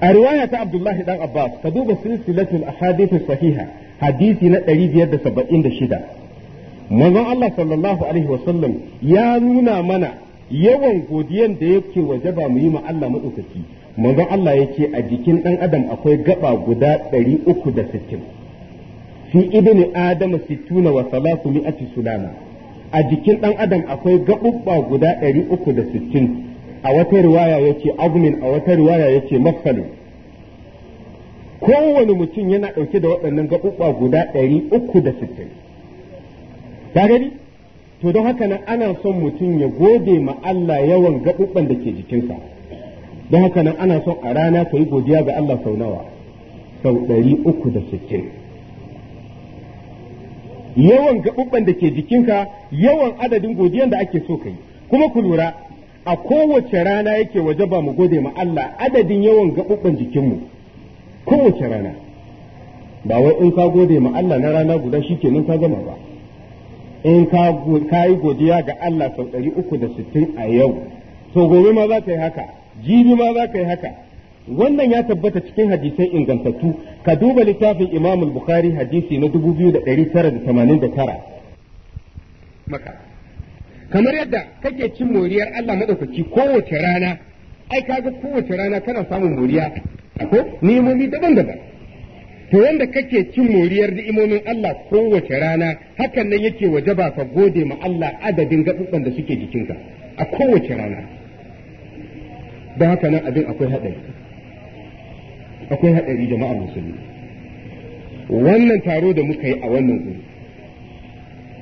a riwaya ta Abdullahi dan Abbas ka duba silsilatul ahadith sahiha hadisi na 576 manzon Allah sallallahu alaihi wasallam ya nuna mana yawan godiyan da yake wajaba mu yi ma Allah madaukaki manzon Allah yake a jikin dan adam akwai gaba guda 360 fi ibni adam situna wa salasu mi'ati sulama a jikin dan adam akwai gaɓuɓɓa guda ɗari uku da a wata riwaya yace azmin a wata riwaya yace mafsalin kowane mutum yana ɗauke da waɗannan gaɓuɓɓa guda ɗari da sittin ta gani to don haka nan ana son mutum ya gode ma Allah yawan gaɓuɓɓan da ke jikinsa don haka nan ana son a rana ka yi godiya ga Allah sau nawa sau ɗari uku da yawan gaɓuɓɓen da ke jikinka yawan adadin godiyan da ake so ka yi kuma ku lura a kowace rana yake waje ba mu gode ma Allah adadin yawan gaɓuɓɓen jikinmu kowace rana ba wai in ka gode ma Allah na rana guda shikenan ka gama ba in ka yi godiya ga Allah sau ɗari uku da sittin a yau to gobe ma za ka yi haka jibi ma za ka yi haka wannan ya tabbata cikin hadisai ingantattu ka duba littafin Imam Bukhari hadisi na 2989 maka kamar yadda kake cin moriyar Allah madaukaki kowace rana ai kaga kowace rana kana samun moriya ko ni'imomi daban-daban to wanda kake cin moriyar ni'imomin Allah kowace rana hakan nan yake wajaba ka gode ma Allah adadin gatsutsan da suke jikinka a kowace rana don haka nan abin akwai haɗari akwai haɗari jama'ar musulmi wannan taro da muka yi a wannan guri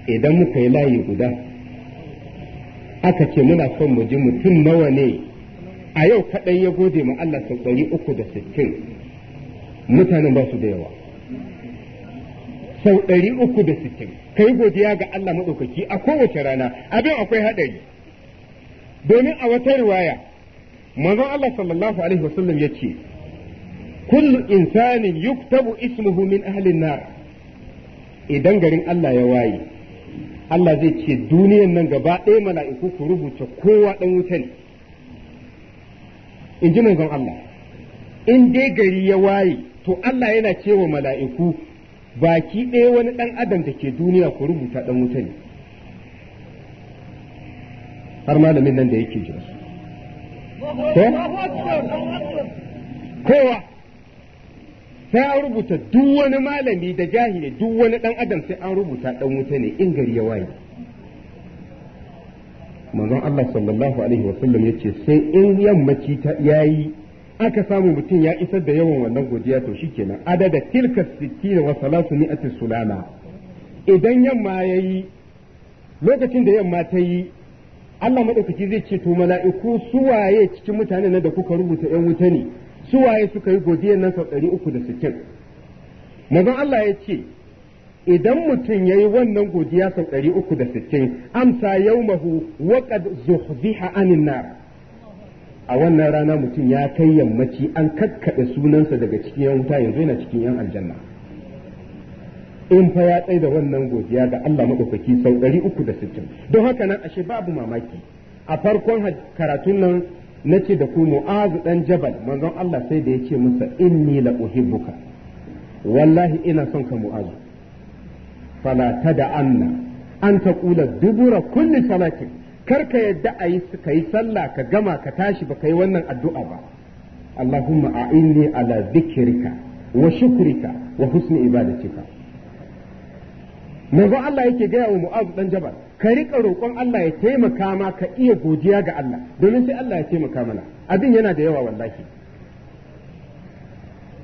idan muka yi layi guda aka ce muna son mu ji mutum nawa ne a yau kaɗai ya gode ma Allah sau ɗari uku da sittin mutanen ba su da yawa sau ɗari uku da sittin kai godiya ga Allah maɗaukaki a kowace rana abin akwai haɗari domin a wata riwaya manzon Allah sallallahu alaihi wasallam ya ce kullu insanin yuktabu ismuhu min ahlin na idan garin Allah ya waye Allah zai ce duniyan nan gaba ɗaya mala'iku ku rubuta kowa ɗan wuta ne in ji manzon Allah in dai gari ya waye to Allah yana cewa mala'iku baki ɗaya wani ɗan adam da ke duniya ku rubuta ɗan wuta ne har malamin nan da yake jira kowa sai an rubuta duk wani malami da jahili duk wani dan adam sai an rubuta dan wuta ne in gari ya waye manzon Allah sallallahu alaihi wa sallam yace sai in yammaci ta yayi aka samu mutum ya isar da yawan wannan godiya to shikenan adada tilka sittina wa mi'ati sulama idan yamma yayi lokacin da yamma ta yi Allah madaukaki zai ce to mala'iku su waye cikin mutanen da kuka rubuta ‘yan wuta ne su waye suka yi godiyar nan sau ɗari uku da sittin mazan Allah ya ce idan mutum ya yi wannan godiya sau ɗari uku da sittin amsa mahu waƙad zuhziha anin na. a wannan rana mutum ya kai yammaci an kakkaɗe sunansa daga cikin yan wuta yanzu yana cikin yan aljanna in fa ya tsaye da wannan godiya ga Allah maɗaukaki sau ɗari uku da sittin don haka nan ashe babu mamaki a farkon karatun nan nace da ku mu'azu dan jabal manzon Allah sai da yake masa inni la uhibbuka wallahi ina son ka mu'azu fala anna an taqula dubura kulli salatin kar ka yadda ayi ka yi sallah ka gama ka tashi ba ka yi wannan addu'a ba Allahumma a'inni ala dhikrika wa shukrika wa husni ibadatika manzon Allah yake gaya wa mu'azu dan jabal ka riƙa roƙon Allah ya taimaka ma ka iya godiya ga Allah domin sai Allah ya taimaka mana abin yana da yawa wallahi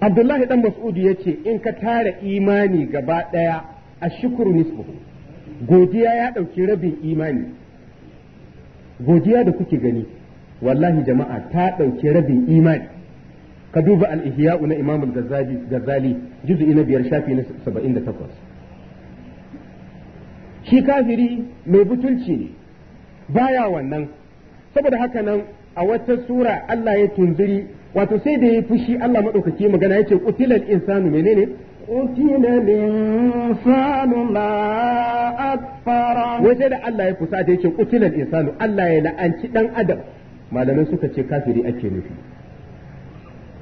Abdullahi dan Mas'ud ya ce in ka tara imani gaba ɗaya a shukuru nisbuhu godiya ya ɗauki rabin imani godiya da kuke gani wallahi jama'a ta ɗauki rabin imani ka duba al-ihya'u na Imam Ghazali Ghazali juzu na biyar shafi na 78 shi kafiri mai butulci ne baya wannan saboda haka nan a wata sura Allah ya tunziri wato sai da ya fushi Allah maɗaukaki magana ya ce ƙutilar insanu menene da Allah ya أكفره da ya ce ƙutilar insanu Allah ya la'anci ɗan adam malamai suka ce kafiri ake nufi.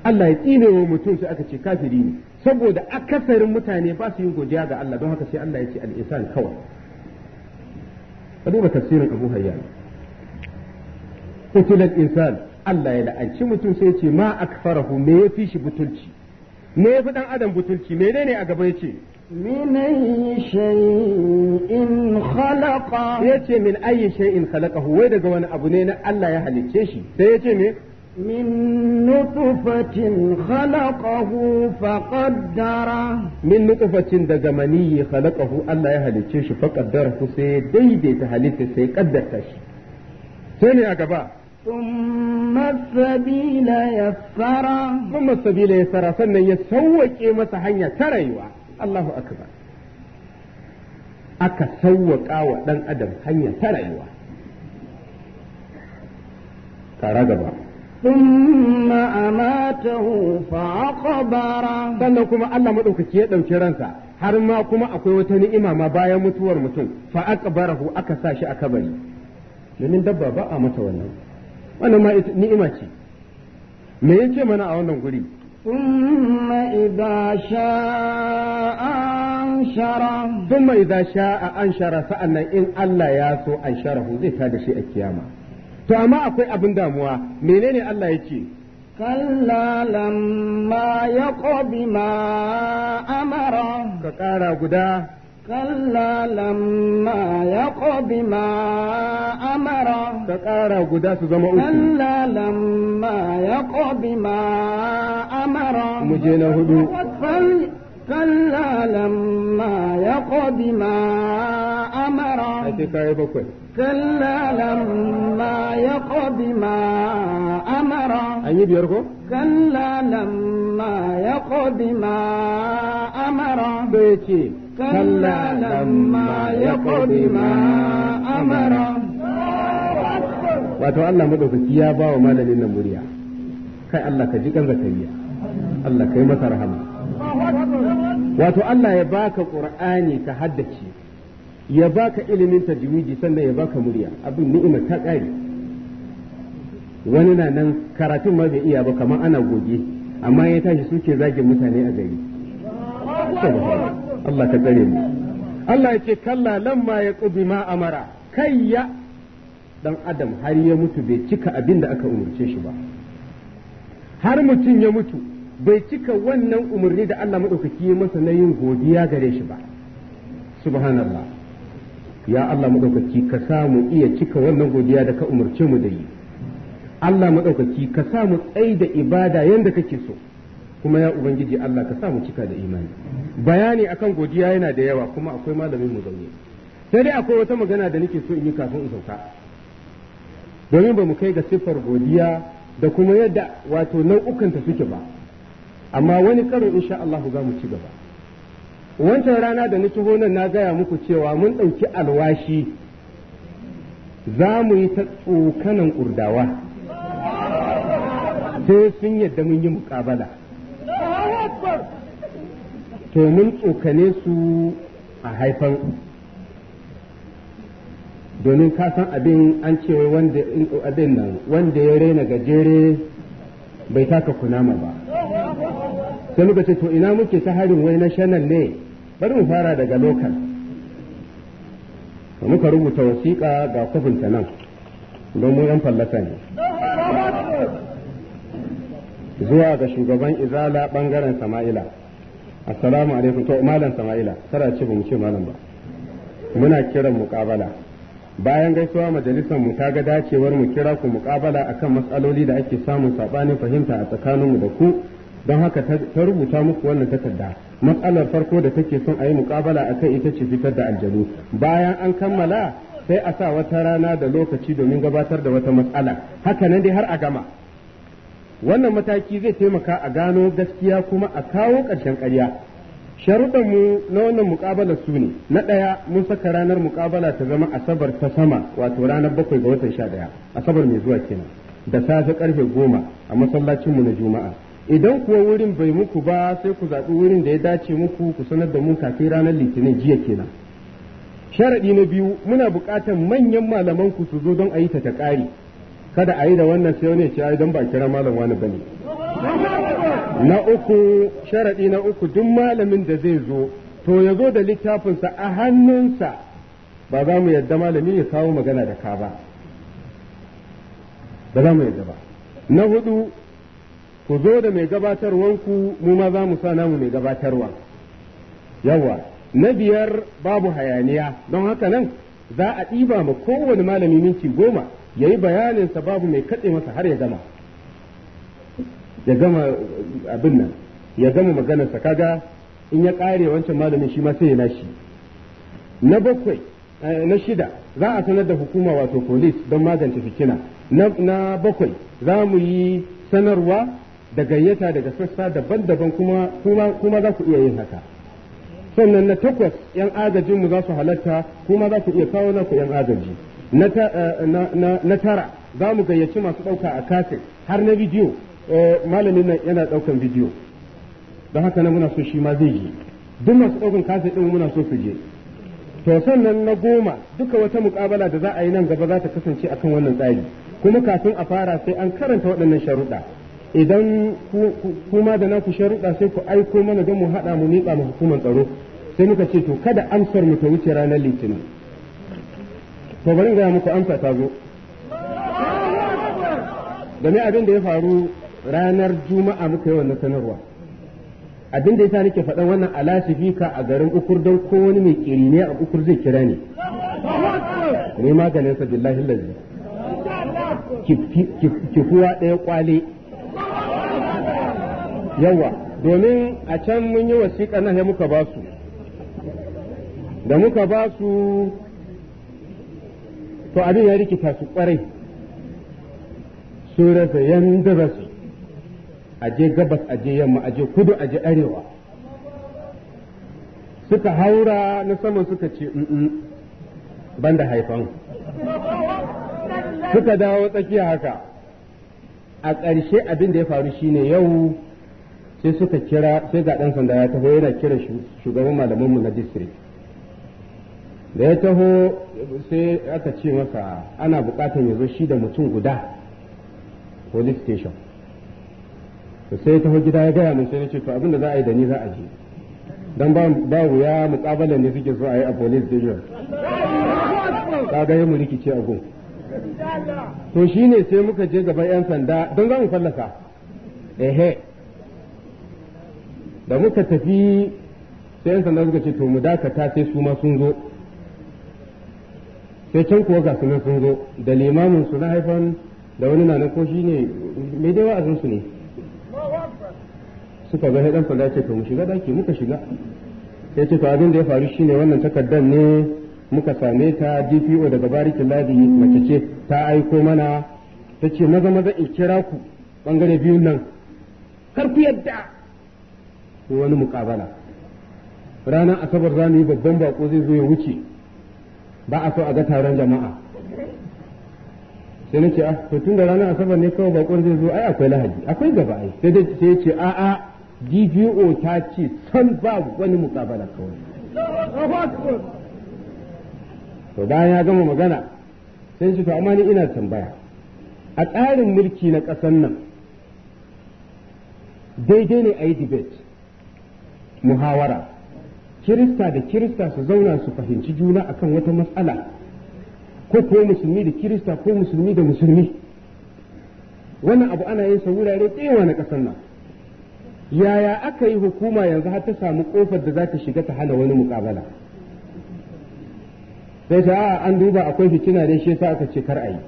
Allah ya tsine wa mutum sai aka ce kafiri ne saboda akasarin mutane ba su yi godiya ga Allah don haka sai Allah ya ce al-insan kawai ka duba tafsirin abu hayya kutilal insan Allah ya la'anci mutum sai ce ma akfarahu me ya fi shi butulci me ya fi dan adam butulci menene a gaba yace min ayyi shay'in khalaqa yace min ayyi shay'in khalaqahu wai daga wani abu ne na Allah ya halicce shi sai yace me من نطفة خلقه فقدره من نطفة دجمني خلقه الله يهلي تشيش فقدره سي ديدي تهلي سي قدر تشي ثاني أقبا ثم السبيل يسرى ثم السبيل يسرى سنة يسوك إيمة حنيا تريوا الله أكبر أكا سوك آوة لن أدم حنيا تريوا ترى قبا ثم Sannan kuma, سنكم ألا مدوك كيئة لو شرنسا har ma kuma akwai wata ni'ima bayan mutuwar mutum fa aqbarahu aka sashi aka bari domin dabba ba a mata wannan wannan ma ni'ima ce me yake mana a wannan guri thumma idha sha'a anshara thumma idha sha'a anshara sa'annan in Allah ya so an ansharahu zai tada shi a kiyama to amma akwai abin damuwa menene Allah yake kalla lamma ya qabi ma amara ka kara guda kalla lamma ya qabi ma amara ka kara guda su zama uku kalla lamma ya ma amara mu je na hudu kalla lamma ya qabi ma amara sai kai bakwai كلا لما يقض ما أمر أني بيركو كلا لما يقض ما أمر بيتي كلا لما يقض ما أمر wato Allah madaukaki ya ba wa malamin nan murya kai Allah ka ji kan zakariya Allah kai masa rahama wato Allah ya baka qur'ani ka haddace ya baka ilimin tajwidi sannan ya baka murya abin ni'ima ta ƙare wani na nan karatun ma bai iya ba kamar ana goge amma ya tashi suke zagin mutane a gari Allah ka tsare mu Allah ya ce kalla lamma ya qubi ma amara ya. dan adam har ya mutu bai cika abin da aka umarce shi ba har mutum ya mutu bai cika wannan umarni da Allah madaukaki ya masa na yin godiya gare shi ba subhanallah ya Allah madaukaki ka sa mu iya cika wannan godiya da ka umarce mu da yi Allah madaukaki ka sa mu tsai da ibada yanda kake so kuma ya ubangiji Allah ka sa mu cika da imani bayani akan godiya yana da yawa kuma akwai malamin mu zaune sai dai akwai wata magana da nake so in yi kafin in sauka domin ba mu kai ga siffar godiya da kuma yadda wato nau'ukanta suke ba amma wani karo insha Allah za mu ci gaba wancan rana da na taho nan na gaya muku cewa mun ɗauki alwashi za mu yi ta tsokanan ƙurdawa sai sun yadda mun yi muƙabala to mun tsokane su a haifan domin ka san abin an ce wanda abin nan wanda ya raina gajere bai taka kunama ba sai muka ce to ina muke ta harin wai na shanan ne bari mu fara daga lokal muka rubuta wasiƙa ga ta nan don mu yan fallaka ne zuwa ga shugaban izala bangaren sama'ila assalamu alaikum to malam sama'ila kada ce ba mu ce malam ba muna kiran muƙabala bayan gaisuwa majalisar mu ta ga dacewar mu kira ku muƙabala akan matsaloli da ake samun saɓanin fahimta a tsakaninmu da ku don haka ta rubuta muku wannan takarda matsalar farko da take son a yi muƙabala a kai ita ce fitar da aljanu bayan an kammala sai a sa wata rana da lokaci domin gabatar da wata matsala haka nan dai har a gama wannan mataki zai taimaka a gano gaskiya kuma a kawo ƙarshen ƙarya sharuɗan mu na wannan mukabala su ne na ɗaya mun saka ranar muƙabala ta zama asabar ta sama wato ranar bakwai ga watan sha ɗaya asabar mai zuwa kenan da safe ƙarfe goma a masallacinmu na juma'a idan kuwa wurin bai muku ba sai ku zaɓi wurin da ya dace muku ku sanar da mu kafin ranar litinin jiya kenan sharaɗi na biyu muna buƙatar manyan malaman ku su zo don a yi ta ƙari kada a yi da wannan sai wani ce don ba kira malam wani bane na uku sharaɗi na uku duk malamin da zai zo to ya zo da littafinsa a hannunsa ba za mu yadda malami ya kawo magana da ka ba ba za mu yadda ba na hudu ku zo da mai gabatarwanku mu ma za mu sa namu mai gabatarwa yawa na biyar babu hayaniya don haka nan za a ɗiba ma kowane malami minti goma ya yi bayaninsa babu mai kaɗe masa har ya gama ya gama eh, abin nan ya gama maganarsa kaga in ya ƙare wancan malamin shi ma sai ya nashi na bakwai eh, na shida za a sanar da hukuma wato polis don magance fikina na bakwai za mu yi sanarwa da gayyata daga sassa daban-daban kuma kuma za ku iya yin haka sannan na takwas yan agajinmu za su halatta kuma za ku iya kawo naku yan agaji eh, na tara za mu gayyaci masu ɗauka a katin har na bidiyo eh, malamin nan yana ɗaukan bidiyo don haka na muna so shi ma zai je duk masu ɗaukan katin ɗin muna so su je to sannan na goma duka wata muƙabala da za a yi nan gaba za ta kasance akan wannan tsari kuma kafin a fara sai an karanta waɗannan sharuɗa idan kuma da ku sharuɗa sai ku aiko mana don mu haɗa mu miƙa ma hukumar tsaro sai muka ce to kada amsar mu ta wuce ranar litinin to bari gaya muku amsa ta zo game abin da ya faru ranar juma'a muka yi wannan sanarwa abin da ya sa nake faɗan wannan ka a garin ukur don ko wani mai ne a ukur zai kira ni ne maganin sa billahi lazi ki kuwa ɗaya kwale yawa domin a can mun yi wasiƙa nan ya muka ba su da muka ba su to abin ya rikita su kwarai su rasa yanda ba su aje gabas aje yamma aje kudu aje arewa suka haura na saman suka ce ban da haifan suka dawo tsakiya haka a ƙarshe abin da ya faru shine yau sai suka kira sai ga ɗan sanda ya taho yana kira shugaban malamanmu na district da ya taho sai aka ce masa ana buƙatar ya zo shi da mutum guda police station sai ya taho gida ya gaya mun sai na ce to abinda za a yi da ni za a je dan ba wuya muƙabalar ne suke so a yi a police station ka ga mu rikice a gun to shine sai muka je gaban yan sanda don za mu fallasa ehe da muka tafi sai yan sanda suka ce to mu dakata sai su ma sun zo sai can kuwa ga sunan sun zo da limamin su na haifan da wani na ko shi ne mai dai wa'azin su ne suka ga dan fada ce to mu shiga daki muka shiga sai ce to abin da ya faru shi ne wannan takardar ne muka same ta DPO daga Barikin Ladi mace ce ta aiko mana ta ce maza maza in kira ku bangare biyun nan kar ku yadda ko wani muƙabala ranar asabar za yi babban bako zai zo ya wuce ba a so a ga taron jama'a sai nace a, ah, to tun da ranar asabar ne kawai bakon zai zo ai akwai lahadi akwai gaba ai sai dai sai ce a a DPO ta ce san ba wani mukabala kawai to bayan ya gama magana sai shi to amma ni ina tambaya a tsarin mulki na ƙasar nan daidai ne a yi debate muhawara kirista da kirista su zauna su fahimci juna akan wata matsala ko ko musulmi da kirista ko musulmi da musulmi wannan abu ana yin sa wurare tsewa na ƙasar nan yaya aka yi hukuma yanzu har ta samu kofar da za ta shiga ta hana wani mukabala sai ta an duba akwai fitina ne shi aka ce kar a yi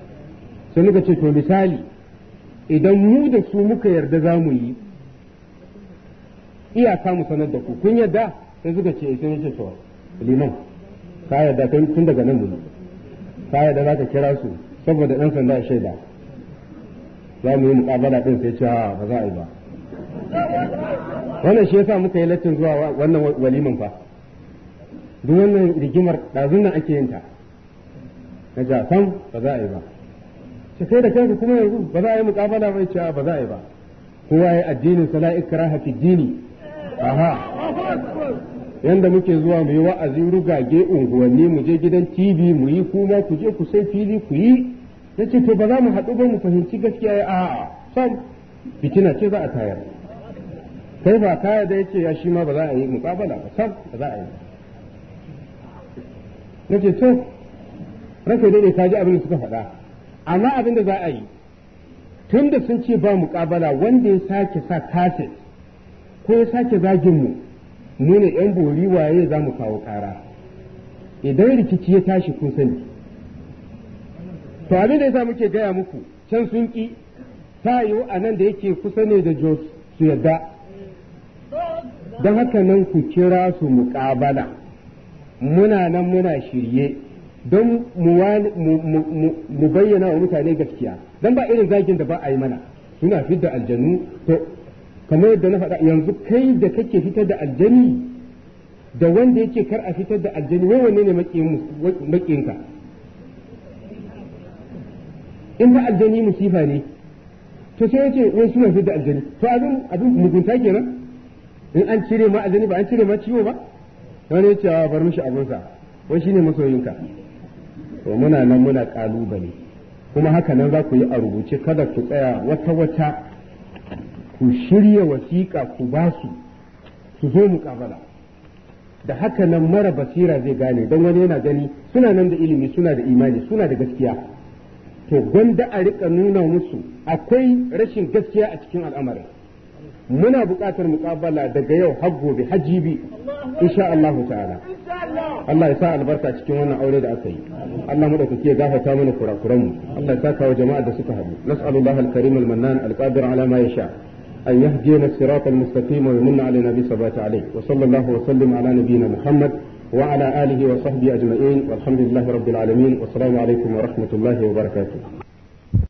sai muka ce to misali idan mu da su muka yarda za mu yi Iya samu sanar da ku kun yadda sai suka ce sai yake to liman ka yadda kai tun daga nan mu ka yadda za ka kira su saboda dan sanda ya shaida za mu yi mukabala din sai ce ba za a yi ba wannan shi yasa muka yi lattin zuwa wannan waliman fa duk wannan rigimar ɗazun nan ake yin ta na ja sam ba za a yi ba sai kai da kanka kuma yanzu ba za a yi mukabala ba ce ba za a yi ba kowa ya addinin sala ikraha fi dini aha yanda muke zuwa mu yi wa'azi rugage unguwanni mu je gidan TV mu yi kuma ku je ku sai fili ku yi ce to ba za mu haɗu ba mu fahimci gaskiya ya a'a sam fitina ce za a tayar kai ba kaya da yace ya shi ma ba za a yi muƙabala ba sam ba za a yi ce to rafe dai ka ji abin da suka faɗa amma abin da za a yi tun da sun ce ba muƙabala wanda ya sake sa kaset ko ya sake zagin mu mu ne yan bori waye za mu kawo kara idan rikici ya tashi kun sani to abin da yasa muke gaya muku can sun ki ta yiwu a nan da yake kusa ne da jos su yadda don haka nan ku kira su muƙabala muna nan muna shirye don mu bayyana wa mutane gaskiya don ba irin zagin da ba a yi mana suna fidda aljanu to kamar yadda na faɗa yanzu kai da kake fitar da aljani da wanda yake kar a fitar da aljani wai wanne ne makinka in ba aljani musifa ne to sai yace wai suna fitar da aljani to abin abin mugunta kenan in an cire ma aljani ba an cire ma ciwo ba wani yace a bar mishi abunsa wai shine masoyinka to muna nan muna kalubale kuma haka nan za ku yi a rubuce kada ku tsaya wata wata ku shirya wasiƙa ku ba su su zo muƙabala da haka nan mara basira zai gane don wani yana gani suna nan da ilimi suna da imani suna da gaskiya to gwanda a rika nuna musu akwai rashin gaskiya a cikin al'amarin muna buƙatar muƙabala daga yau har gobe bi insha Allah ta'ala Allah ya sa albarka cikin wannan aure da aka yi Allah mu dauke ya gafarta mana kurakuran mu Allah ya saka wa jama'a da suka hadu nas'alullahi al-karim al-mannan al-qadir ala ma yasha أن يهدينا الصراط المستقيم ويمن علينا بثبات عليه وصلى الله وسلم على نبينا محمد وعلى آله وصحبه أجمعين والحمد لله رب العالمين والسلام عليكم ورحمة الله وبركاته